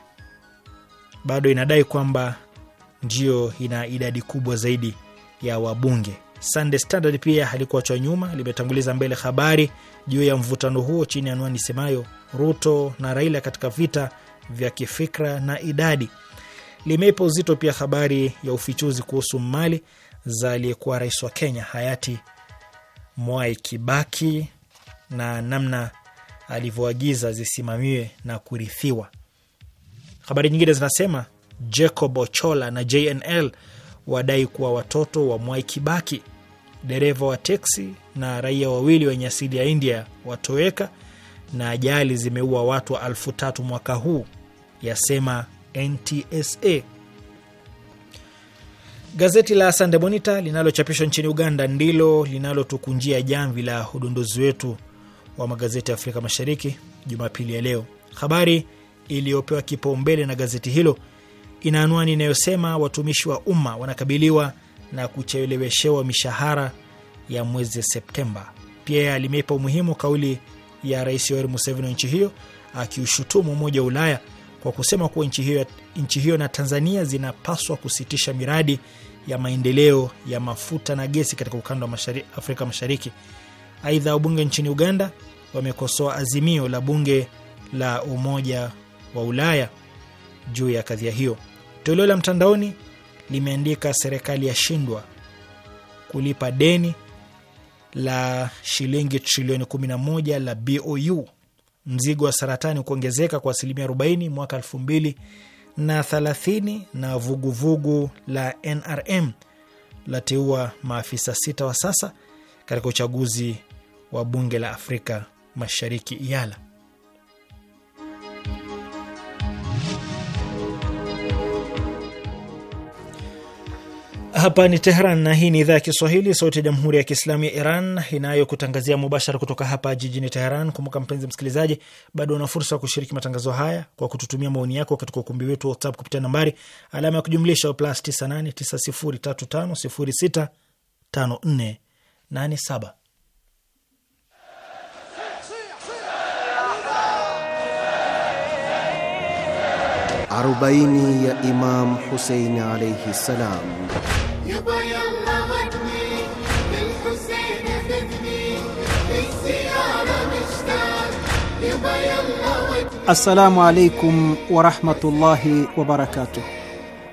bado inadai kwamba ndio ina idadi kubwa zaidi ya wabunge. Sunday Standard pia halikuachwa nyuma, limetanguliza mbele habari juu ya mvutano huo chini ya anwani semayo Ruto na Raila katika vita vya kifikra na idadi. Limeipa uzito pia habari ya ufichuzi kuhusu mali za aliyekuwa rais wa Kenya hayati Mwai Kibaki na namna alivyoagiza zisimamiwe na kurithiwa. Habari nyingine zinasema Jacob Ochola na JNL wadai kuwa watoto wa Mwai Kibaki, dereva wa teksi na raia wawili wenye asili ya India watoweka, na ajali zimeua watu wa elfu tatu mwaka huu, yasema NTSA. Gazeti la Sunday Monitor linalochapishwa nchini Uganda ndilo linalotukunjia jamvi la udondozi wetu wa magazeti ya Afrika Mashariki Jumapili ya leo. Habari iliyopewa kipaumbele na gazeti hilo ina anwani inayosema watumishi wa umma wanakabiliwa na kucheleweshewa mishahara ya mwezi Septemba. Pia limeipa umuhimu kauli ya Rais Yoweri Museveni wa nchi hiyo akiushutumu Umoja wa Ulaya kwa kusema kuwa nchi hiyo nchi hiyo na Tanzania zinapaswa kusitisha miradi ya maendeleo ya mafuta na gesi katika ukanda wa mashari, Afrika Mashariki. Aidha, wabunge nchini Uganda wamekosoa azimio la bunge la Umoja wa Ulaya juu ya kadhia hiyo. Toleo la mtandaoni limeandika serikali yashindwa kulipa deni la shilingi trilioni 11 la BOU, mzigo wa saratani kuongezeka kwa asilimia 40 mwaka 2000 na 30 na vuguvugu vugu la NRM lateua maafisa sita wa sasa katika uchaguzi wa bunge la Afrika Mashariki, IALA. Hapa ni Tehran na hii ni idhaa ya Kiswahili, sauti ya jamhuri ya kiislamu ya Iran inayokutangazia mubashara kutoka hapa jijini Teheran. Kumbuka mpenzi msikilizaji, bado una fursa ya kushiriki matangazo haya kwa kututumia maoni yako katika ukumbi wetu wa WhatsApp kupitia nambari alama ya kujumlisha plus 989035065487. Arobaini ya Imam Husein alaihi salam. Assalamu alaikum warahmatullahi للحسين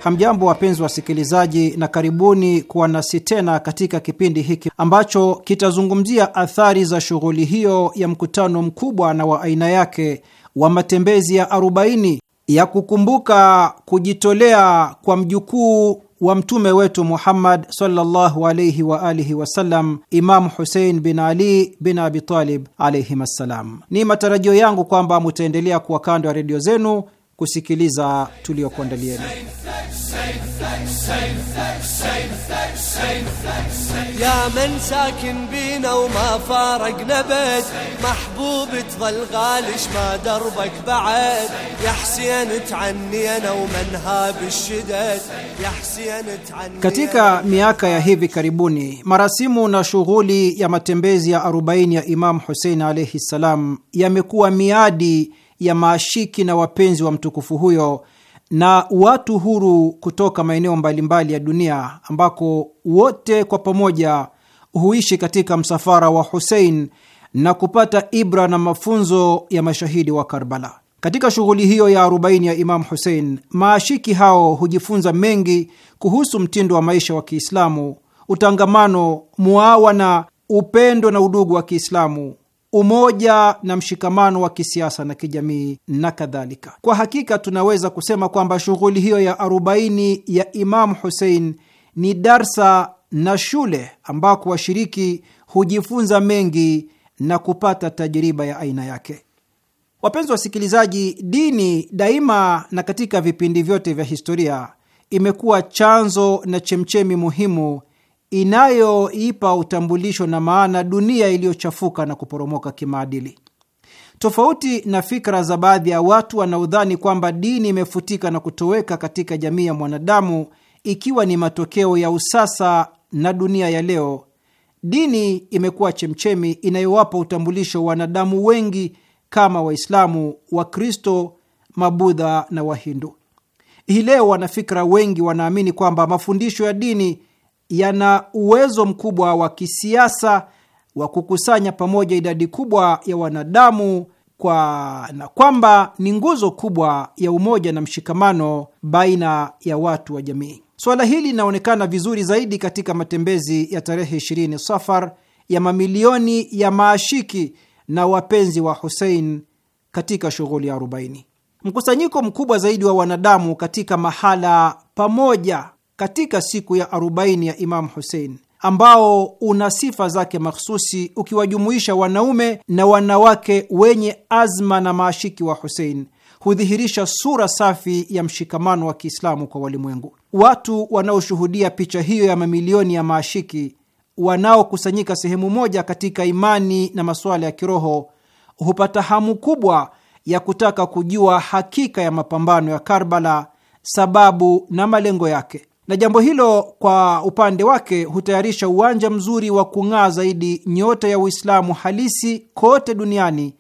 Hamjambo, wapenzi wasikilizaji, na karibuni kuwa nasi tena katika kipindi hiki ambacho kitazungumzia athari za shughuli hiyo ya mkutano mkubwa na wa aina yake wa matembezi ya 40 ya kukumbuka kujitolea kwa mjukuu wa mtume wetu Muhammad sallallahu alayhi wa alihi wasallam, Imamu Husein bin Ali bin Abi Talib alayhim assalam. Ni matarajio yangu kwamba mutaendelea kuwa kando ya redio zenu kusikiliza tuliokuandalieni. Katika miaka ya hivi karibuni marasimu na shughuli ya matembezi ya 40 ya Imam Husein alaihi ssalam yamekuwa miadi ya maashiki na wapenzi wa mtukufu huyo na watu huru kutoka maeneo mbalimbali ya dunia ambako wote kwa pamoja huishi katika msafara wa Husein na kupata ibra na mafunzo ya mashahidi wa Karbala. Katika shughuli hiyo ya arobaini ya Imamu Husein, maashiki hao hujifunza mengi kuhusu mtindo wa maisha wa Kiislamu, utangamano, muawana, upendo na udugu wa Kiislamu umoja na mshikamano wa kisiasa na kijamii na kadhalika. Kwa hakika tunaweza kusema kwamba shughuli hiyo ya arobaini ya Imamu Husein ni darsa na shule ambako washiriki hujifunza mengi na kupata tajiriba ya aina yake. Wapenzi wasikilizaji, dini daima na katika vipindi vyote vya historia imekuwa chanzo na chemchemi muhimu inayoipa utambulisho na maana dunia iliyochafuka na kuporomoka kimaadili. Tofauti na fikra za baadhi ya watu wanaodhani kwamba dini imefutika na kutoweka katika jamii ya mwanadamu ikiwa ni matokeo ya usasa na dunia ya leo, dini imekuwa chemchemi inayowapa utambulisho wa wanadamu wengi kama Waislamu, Wakristo, Mabudha na Wahindu. Hii leo wanafikra wengi wanaamini kwamba mafundisho ya dini yana uwezo mkubwa wa kisiasa wa kukusanya pamoja idadi kubwa ya wanadamu kwa na kwamba ni nguzo kubwa ya umoja na mshikamano baina ya watu wa jamii. Suala hili linaonekana vizuri zaidi katika matembezi ya tarehe 20 Safar ya mamilioni ya maashiki na wapenzi wa Husein katika shughuli ya 40 Mkusanyiko mkubwa zaidi wa wanadamu katika mahala pamoja katika siku ya arobaini ya Imamu Husein ambao una sifa zake makhususi ukiwajumuisha wanaume na wanawake wenye azma na maashiki wa Husein hudhihirisha sura safi ya mshikamano wa Kiislamu kwa walimwengu. Watu wanaoshuhudia picha hiyo ya mamilioni ya maashiki wanaokusanyika sehemu moja katika imani na masuala ya kiroho hupata hamu kubwa ya kutaka kujua hakika ya mapambano ya Karbala, sababu na malengo yake na jambo hilo kwa upande wake hutayarisha uwanja mzuri wa kung'aa zaidi nyota ya Uislamu halisi kote duniani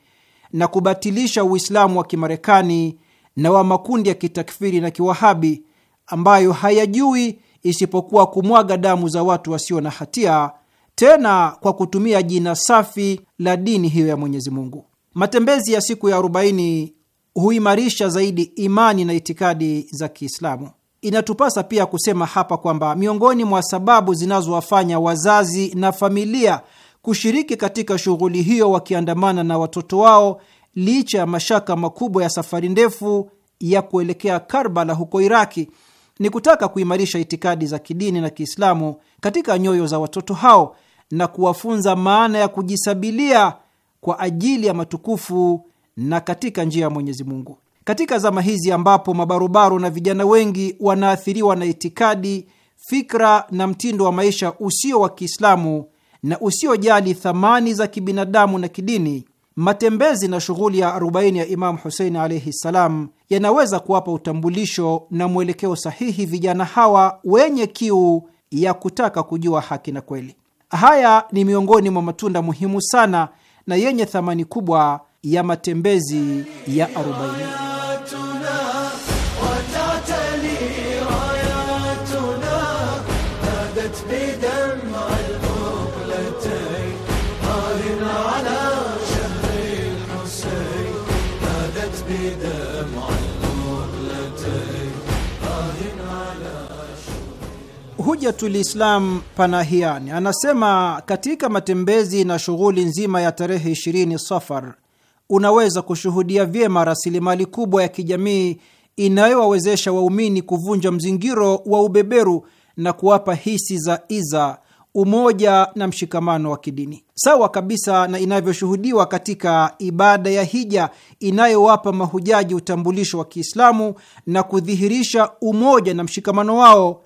na kubatilisha Uislamu wa Kimarekani na wa makundi ya kitakfiri na kiwahabi ambayo hayajui isipokuwa kumwaga damu za watu wasio na hatia, tena kwa kutumia jina safi la dini hiyo ya Mwenyezi Mungu. Matembezi ya siku ya 40 huimarisha zaidi imani na itikadi za Kiislamu. Inatupasa pia kusema hapa kwamba miongoni mwa sababu zinazowafanya wazazi na familia kushiriki katika shughuli hiyo wakiandamana na watoto wao licha ya mashaka makubwa ya safari ndefu ya kuelekea Karbala huko Iraki ni kutaka kuimarisha itikadi za kidini na Kiislamu katika nyoyo za watoto hao na kuwafunza maana ya kujisabilia kwa ajili ya matukufu na katika njia ya Mwenyezi Mungu. Katika zama hizi ambapo mabarobaro na vijana wengi wanaathiriwa na itikadi, fikra na mtindo wa maisha usio wa Kiislamu na usiojali thamani za kibinadamu na kidini, matembezi na shughuli ya 40 ya Imamu Husein alaihi ssalam yanaweza kuwapa utambulisho na mwelekeo sahihi vijana hawa wenye kiu ya kutaka kujua haki na kweli. Haya ni miongoni mwa matunda muhimu sana na yenye thamani kubwa ya matembezi ya arobaini. Hujatul Islam Panahiani anasema katika matembezi na shughuli nzima ya tarehe 20 Safar unaweza kushuhudia vyema rasilimali kubwa ya kijamii inayowawezesha waumini kuvunja mzingiro wa ubeberu na kuwapa hisi za iza, umoja na mshikamano wa kidini, sawa kabisa na inavyoshuhudiwa katika ibada ya hija inayowapa mahujaji utambulisho wa Kiislamu na kudhihirisha umoja na mshikamano wao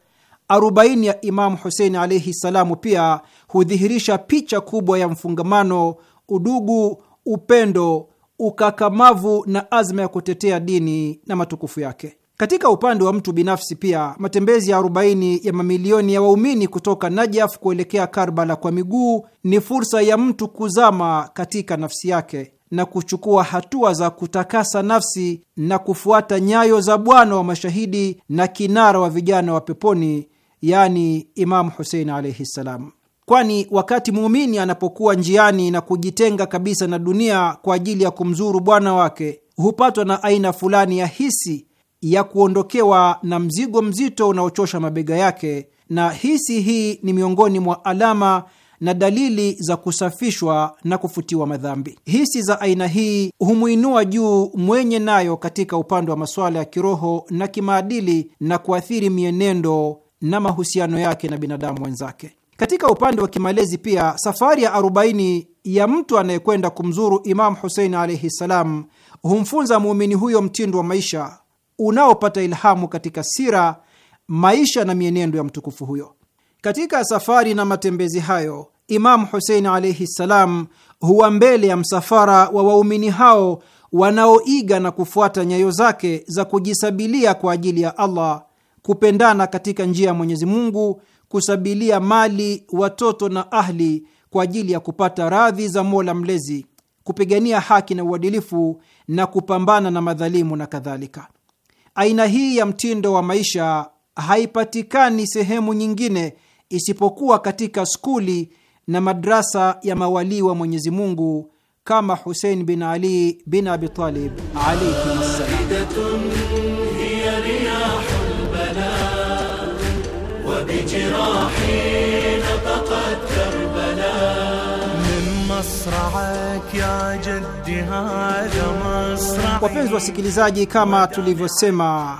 arobaini ya Imamu Husein alaihi salamu pia hudhihirisha picha kubwa ya mfungamano, udugu, upendo, ukakamavu na azma ya kutetea dini na matukufu yake. Katika upande wa mtu binafsi pia, matembezi ya 40 ya mamilioni ya waumini kutoka Najaf kuelekea Karbala kwa miguu ni fursa ya mtu kuzama katika nafsi yake na kuchukua hatua za kutakasa nafsi na kufuata nyayo za Bwana wa mashahidi na kinara wa vijana wa peponi yani Imamu Husein alaihi ssalam, kwani wakati muumini anapokuwa njiani na kujitenga kabisa na dunia kwa ajili ya kumzuru bwana wake hupatwa na aina fulani ya hisi ya kuondokewa na mzigo mzito unaochosha mabega yake, na hisi hii ni miongoni mwa alama na dalili za kusafishwa na kufutiwa madhambi. Hisi za aina hii humwinua juu mwenye nayo katika upande wa masuala ya kiroho na kimaadili na kuathiri mienendo na mahusiano yake na binadamu wenzake. Katika upande wa kimalezi pia, safari ya 40 ya mtu anayekwenda kumzuru Imamu Husein alaihi ssalam humfunza muumini huyo mtindo wa maisha unaopata ilhamu katika sira, maisha na mienendo ya mtukufu huyo. Katika safari na matembezi hayo, Imamu Husein alaihi ssalam huwa mbele ya msafara wa waumini hao wanaoiga na kufuata nyayo zake za kujisabilia kwa ajili ya Allah kupendana katika njia ya Mwenyezi Mungu, kusabilia mali, watoto na ahli kwa ajili ya kupata radhi za Mola Mlezi, kupigania haki na uadilifu na kupambana na madhalimu na kadhalika. Aina hii ya mtindo wa maisha haipatikani sehemu nyingine isipokuwa katika skuli na madrasa ya mawalii wa Mwenyezi Mungu kama Husein bin Ali bin Abi Talib alayhi حين بقت كربلاء من مصرعك يا جدي هذا Wapenzi wasikilizaji, kama tulivyosema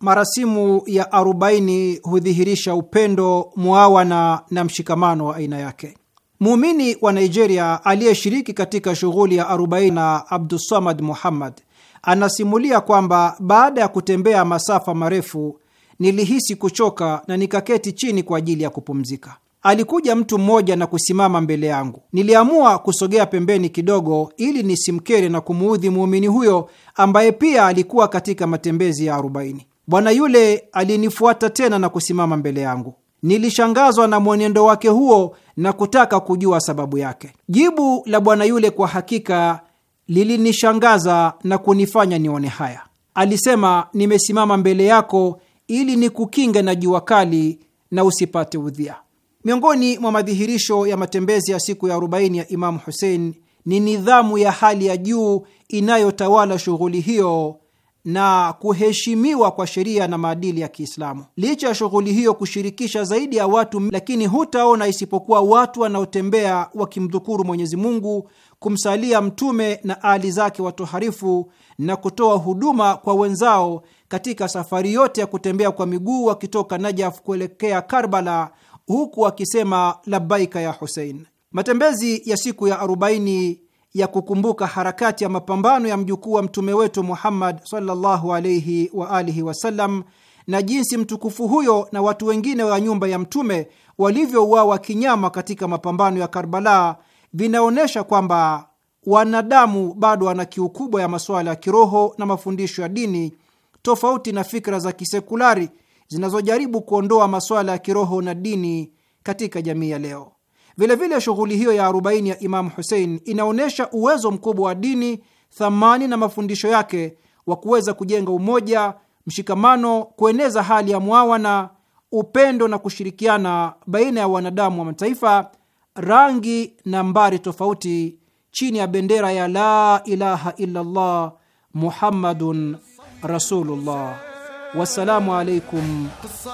marasimu ya arobaini hudhihirisha upendo, mwawana na mshikamano wa aina yake. Muumini wa Nigeria aliyeshiriki katika shughuli ya arobaini na Abdussamad Muhammad anasimulia kwamba baada ya kutembea masafa marefu nilihisi kuchoka na nikaketi chini kwa ajili ya kupumzika. Alikuja mtu mmoja na kusimama mbele yangu. Niliamua kusogea pembeni kidogo ili nisimkere na kumuudhi muumini huyo ambaye pia alikuwa katika matembezi ya arobaini. Bwana yule alinifuata tena na kusimama mbele yangu. Nilishangazwa na mwenendo wake huo na kutaka kujua sababu yake. Jibu la bwana yule kwa hakika lilinishangaza na kunifanya nione haya. Alisema, nimesimama mbele yako ili ni kukinga na jua kali na usipate udhia. Miongoni mwa madhihirisho ya matembezi ya siku ya 40 ya Imamu Husein ni nidhamu ya hali ya juu inayotawala shughuli hiyo na kuheshimiwa kwa sheria na maadili ya Kiislamu. Licha ya shughuli hiyo kushirikisha zaidi ya watu, lakini hutaona isipokuwa watu wanaotembea wakimdhukuru Mwenyezi Mungu, kumsalia Mtume na Ali zake watoharifu na kutoa huduma kwa wenzao katika safari yote ya kutembea kwa miguu wakitoka Najaf kuelekea Karbala, huku wakisema labaika ya Husein. Matembezi ya siku ya arobaini ya kukumbuka harakati ya mapambano ya mjukuu wa mtume wetu Muhammad sallallahu alaihi wa alihi wasallam na jinsi mtukufu huyo na watu wengine wa nyumba ya mtume walivyouawa kinyama katika mapambano ya Karbala vinaonyesha kwamba wanadamu bado wana kiu kubwa ya masuala ya kiroho na mafundisho ya dini, tofauti na fikra za kisekulari zinazojaribu kuondoa masuala ya kiroho na dini katika jamii ya leo. Vilevile, shughuli hiyo ya arobaini ya Imamu Husein inaonyesha uwezo mkubwa wa dini, thamani na mafundisho yake wa kuweza kujenga umoja, mshikamano, kueneza hali ya mwawana, upendo na kushirikiana baina ya wanadamu wa mataifa, rangi na mbari tofauti chini ya bendera ya la ilaha illallah muhammadun rasulullah. Wassalamu alaikum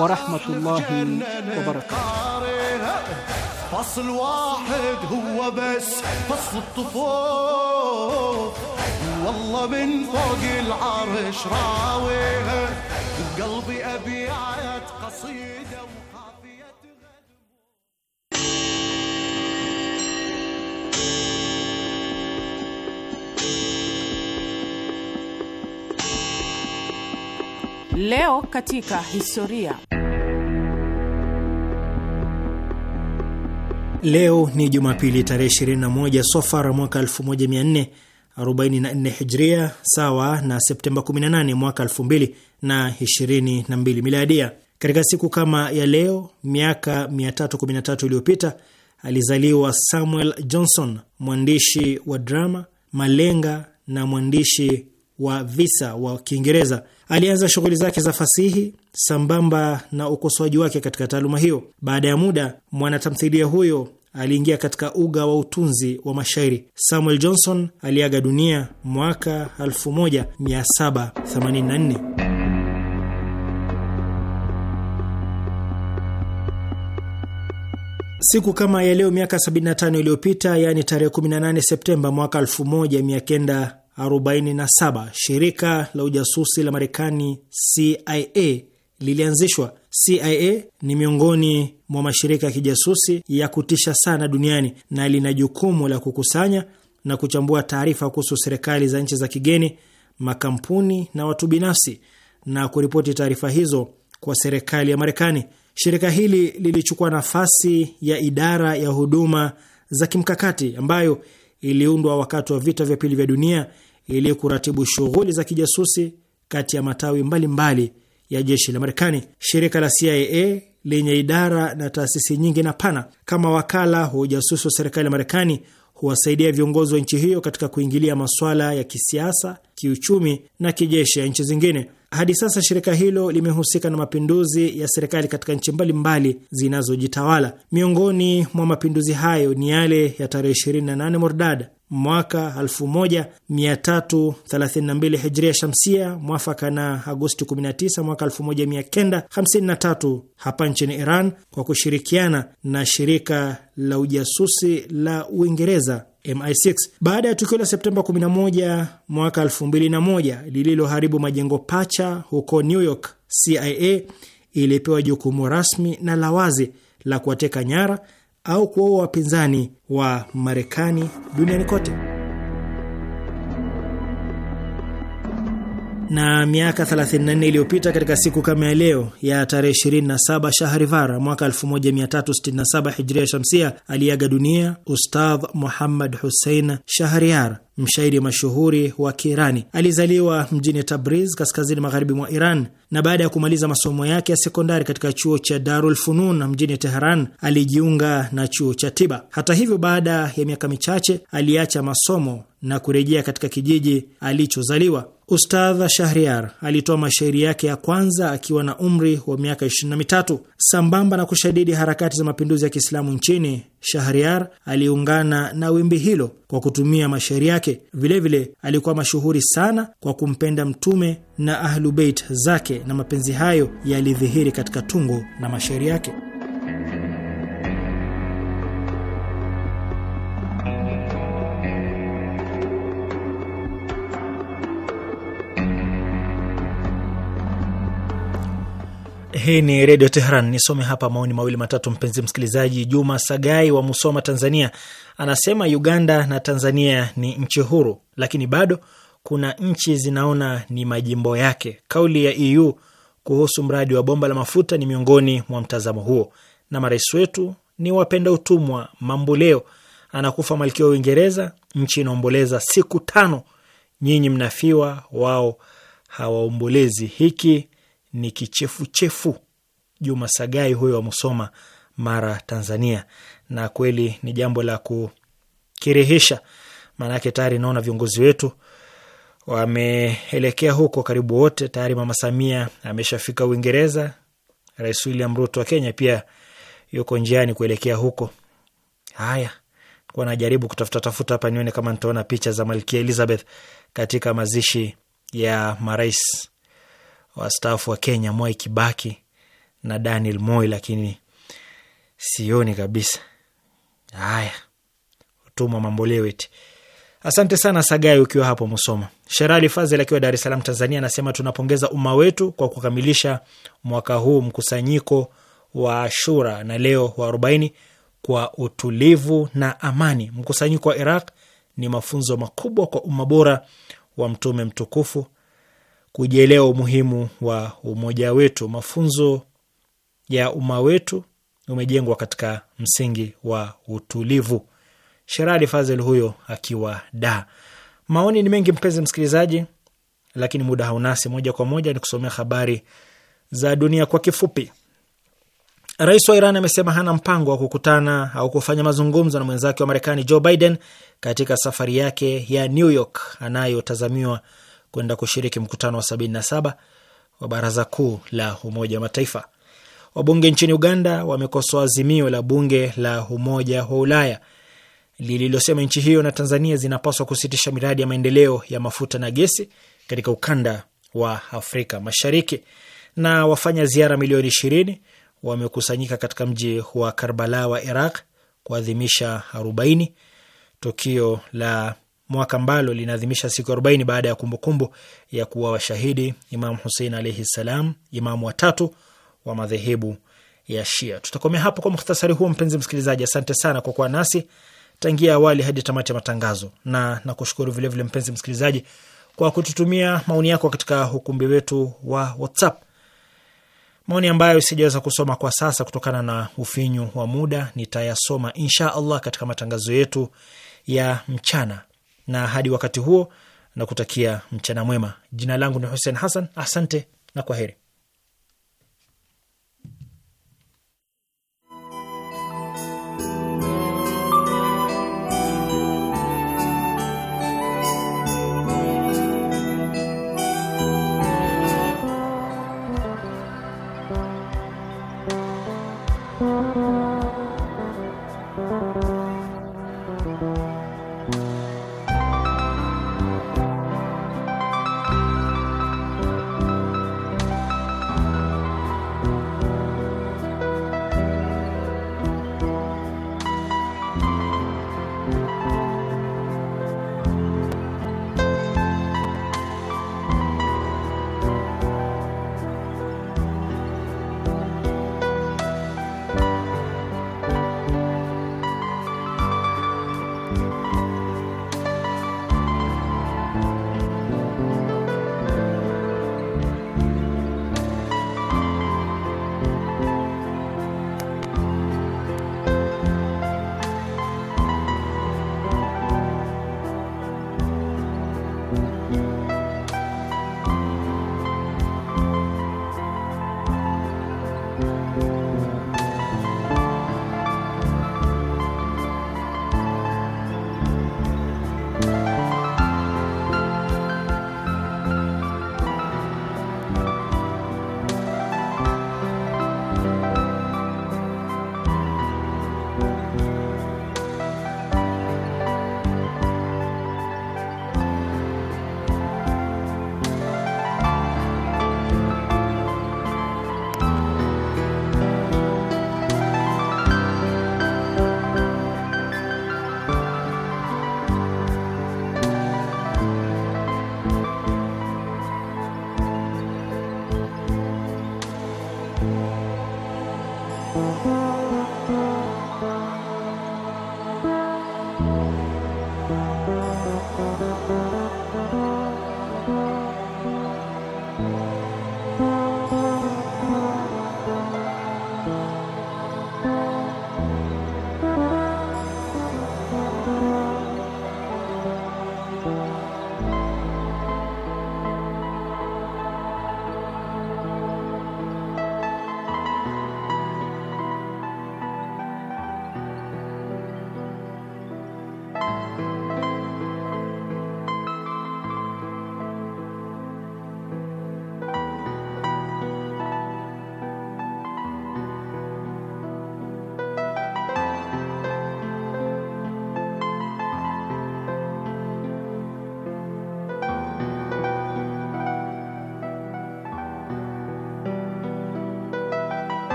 warahmatullahi wabarakatuh. فصل واحد هو بس فصل الطفوف والله من فوق العرش راويها وقلبي أبيات قصيدة وقافية Leo katika historia. Leo ni Jumapili tarehe 21 Sofar mwaka 1444 Hijria, sawa na Septemba 18 mwaka 2022 Miladia. Katika siku kama ya leo miaka 313 iliyopita alizaliwa Samuel Johnson, mwandishi wa drama, malenga na mwandishi wa visa wa Kiingereza. Alianza shughuli zake za fasihi sambamba na ukosoaji wake katika taaluma hiyo. Baada ya muda, mwanatamthilia huyo aliingia katika uga wa utunzi wa mashairi. Samuel Johnson aliaga dunia mwaka 1784. Siku kama ya leo miaka 75 iliyopita, yaani tarehe 18 Septemba mwaka 47 shirika la ujasusi la Marekani CIA lilianzishwa. CIA ni miongoni mwa mashirika ya kijasusi ya kutisha sana duniani na lina jukumu la kukusanya na kuchambua taarifa kuhusu serikali za nchi za kigeni, makampuni na watu binafsi na kuripoti taarifa hizo kwa serikali ya Marekani. Shirika hili lilichukua nafasi ya idara ya huduma za kimkakati ambayo iliundwa wakati wa vita vya pili vya dunia ili kuratibu shughuli za kijasusi kati ya matawi mbalimbali mbali ya jeshi la Marekani. Shirika la CIA lenye idara na taasisi nyingi na pana kama wakala wa ujasusi wa serikali ya Marekani huwasaidia viongozi wa nchi hiyo katika kuingilia masuala ya kisiasa, kiuchumi na kijeshi ya nchi zingine. Hadi sasa shirika hilo limehusika na mapinduzi ya serikali katika nchi mbalimbali zinazojitawala. Miongoni mwa mapinduzi hayo ni yale ya tarehe 28 Mordad mwaka 1332 hijria shamsia mwafaka na Agosti 19 mwaka 1953 hapa nchini Iran, kwa kushirikiana na shirika la ujasusi la Uingereza MI6 baada ya tukio la Septemba 11 mwaka 2001 lililoharibu majengo pacha huko New York. CIA ilipewa jukumu rasmi na la wazi la kuwateka nyara au kuwaua wapinzani wa Marekani duniani kote. na miaka 34 iliyopita katika siku kama ya leo ya tarehe 27 Shahrivar mwaka 1367 Hijria Shamsia aliaga dunia Ustadh Muhammad Hussein Shahriar mshairi mashuhuri wa Kiirani. Alizaliwa mjini Tabriz, kaskazini magharibi mwa Iran, na baada ya kumaliza masomo yake ya sekondari katika chuo cha Darul Funun mjini Teheran, alijiunga na chuo cha tiba. Hata hivyo, baada ya miaka michache aliacha masomo na kurejea katika kijiji alichozaliwa. Ustadha Shahriar alitoa mashairi yake ya kwanza akiwa na umri wa miaka 23. Sambamba na kushadidi harakati za mapinduzi ya Kiislamu nchini, Shahriar aliungana na wimbi hilo kwa kutumia mashairi yake. Vilevile alikuwa mashuhuri sana kwa kumpenda Mtume na Ahlubeit zake na mapenzi hayo yalidhihiri katika tungo na mashairi yake. Hii ni Redio Tehran. Nisome hapa maoni mawili matatu, mpenzi msikilizaji. Juma Sagai wa Musoma, Tanzania, anasema Uganda na Tanzania ni nchi huru, lakini bado kuna nchi zinaona ni majimbo yake. Kauli ya EU kuhusu mradi wa bomba la mafuta ni miongoni mwa mtazamo huo, na marais wetu ni wapenda utumwa. mambuleo anakufa malkia wa Uingereza, nchi inaomboleza siku tano, nyinyi mnafiwa, wao hawaombolezi. Hiki ni kichefuchefu Juma Sagai huyo wa Musoma, Mara, Tanzania. Na kweli ni jambo la kukirehesha, maanake tayari naona viongozi wetu wameelekea huko karibu wote tayari. Mama Samia ameshafika Uingereza, Rais William Ruto wa Kenya pia yuko njiani kuelekea huko. Haya, kuwa najaribu kutafuta tafuta hapa nione kama nitaona picha za Malkia Elizabeth katika mazishi ya marais wastaafu wa Kenya Mwai Kibaki na Daniel Moi, lakini sioni kabisa. Haya, utumwa mamboleweti. Asante sana Sagai ukiwa hapo Musoma. Sherali Fazel akiwa Dar es Salaam, Tanzania, anasema tunapongeza umma wetu kwa kukamilisha mwaka huu mkusanyiko wa Ashura na leo wa arobaini kwa utulivu na amani. Mkusanyiko wa Iraq ni mafunzo makubwa kwa umma bora wa Mtume mtukufu kujielewa umuhimu wa umoja wetu. Mafunzo ya umma wetu umejengwa katika msingi wa utulivu. Sherali Fazel huyo akiwa da. Maoni ni mengi mpenzi msikilizaji, lakini muda haunasi. Moja kwa moja ni kusomea habari za dunia kwa kifupi. Rais wa Iran amesema hana mpango wa kukutana au kufanya mazungumzo na mwenzake wa Marekani Joe Biden katika safari yake ya New York anayotazamiwa kwenda kushiriki mkutano wa 77 wa baraza kuu la Umoja wa Mataifa. Wabunge nchini Uganda wamekosoa azimio la bunge la Umoja wa Ulaya lililosema nchi hiyo na Tanzania zinapaswa kusitisha miradi ya maendeleo ya mafuta na gesi katika ukanda wa Afrika Mashariki. Na wafanya ziara milioni ishirini wamekusanyika katika mji wa Karbala wa Iraq kuadhimisha arobaini tukio la mwaka ambalo linaadhimisha siku 40 baada ya kumbukumbu kumbu ya kuwa washahidi Imam Husein alaihi salam, imamu watatu wa madhehebu ya Shia. Tutakomea hapo kwa mukhtasari huo, mpenzi msikilizaji. Asante sana kwa kuwa nasi tangia awali hadi tamati ya matangazo, na nakushukuru vilevile mpenzi msikilizaji kwa kututumia maoni yako katika ukumbi wetu wa WhatsApp, maoni ambayo sijaweza kusoma kwa sasa kutokana na ufinyu wa muda. Nitayasoma insha Allah katika matangazo yetu ya mchana na hadi wakati huo na kutakia mchana mwema. Jina langu ni Hussein Hassan, asante na kwa heri.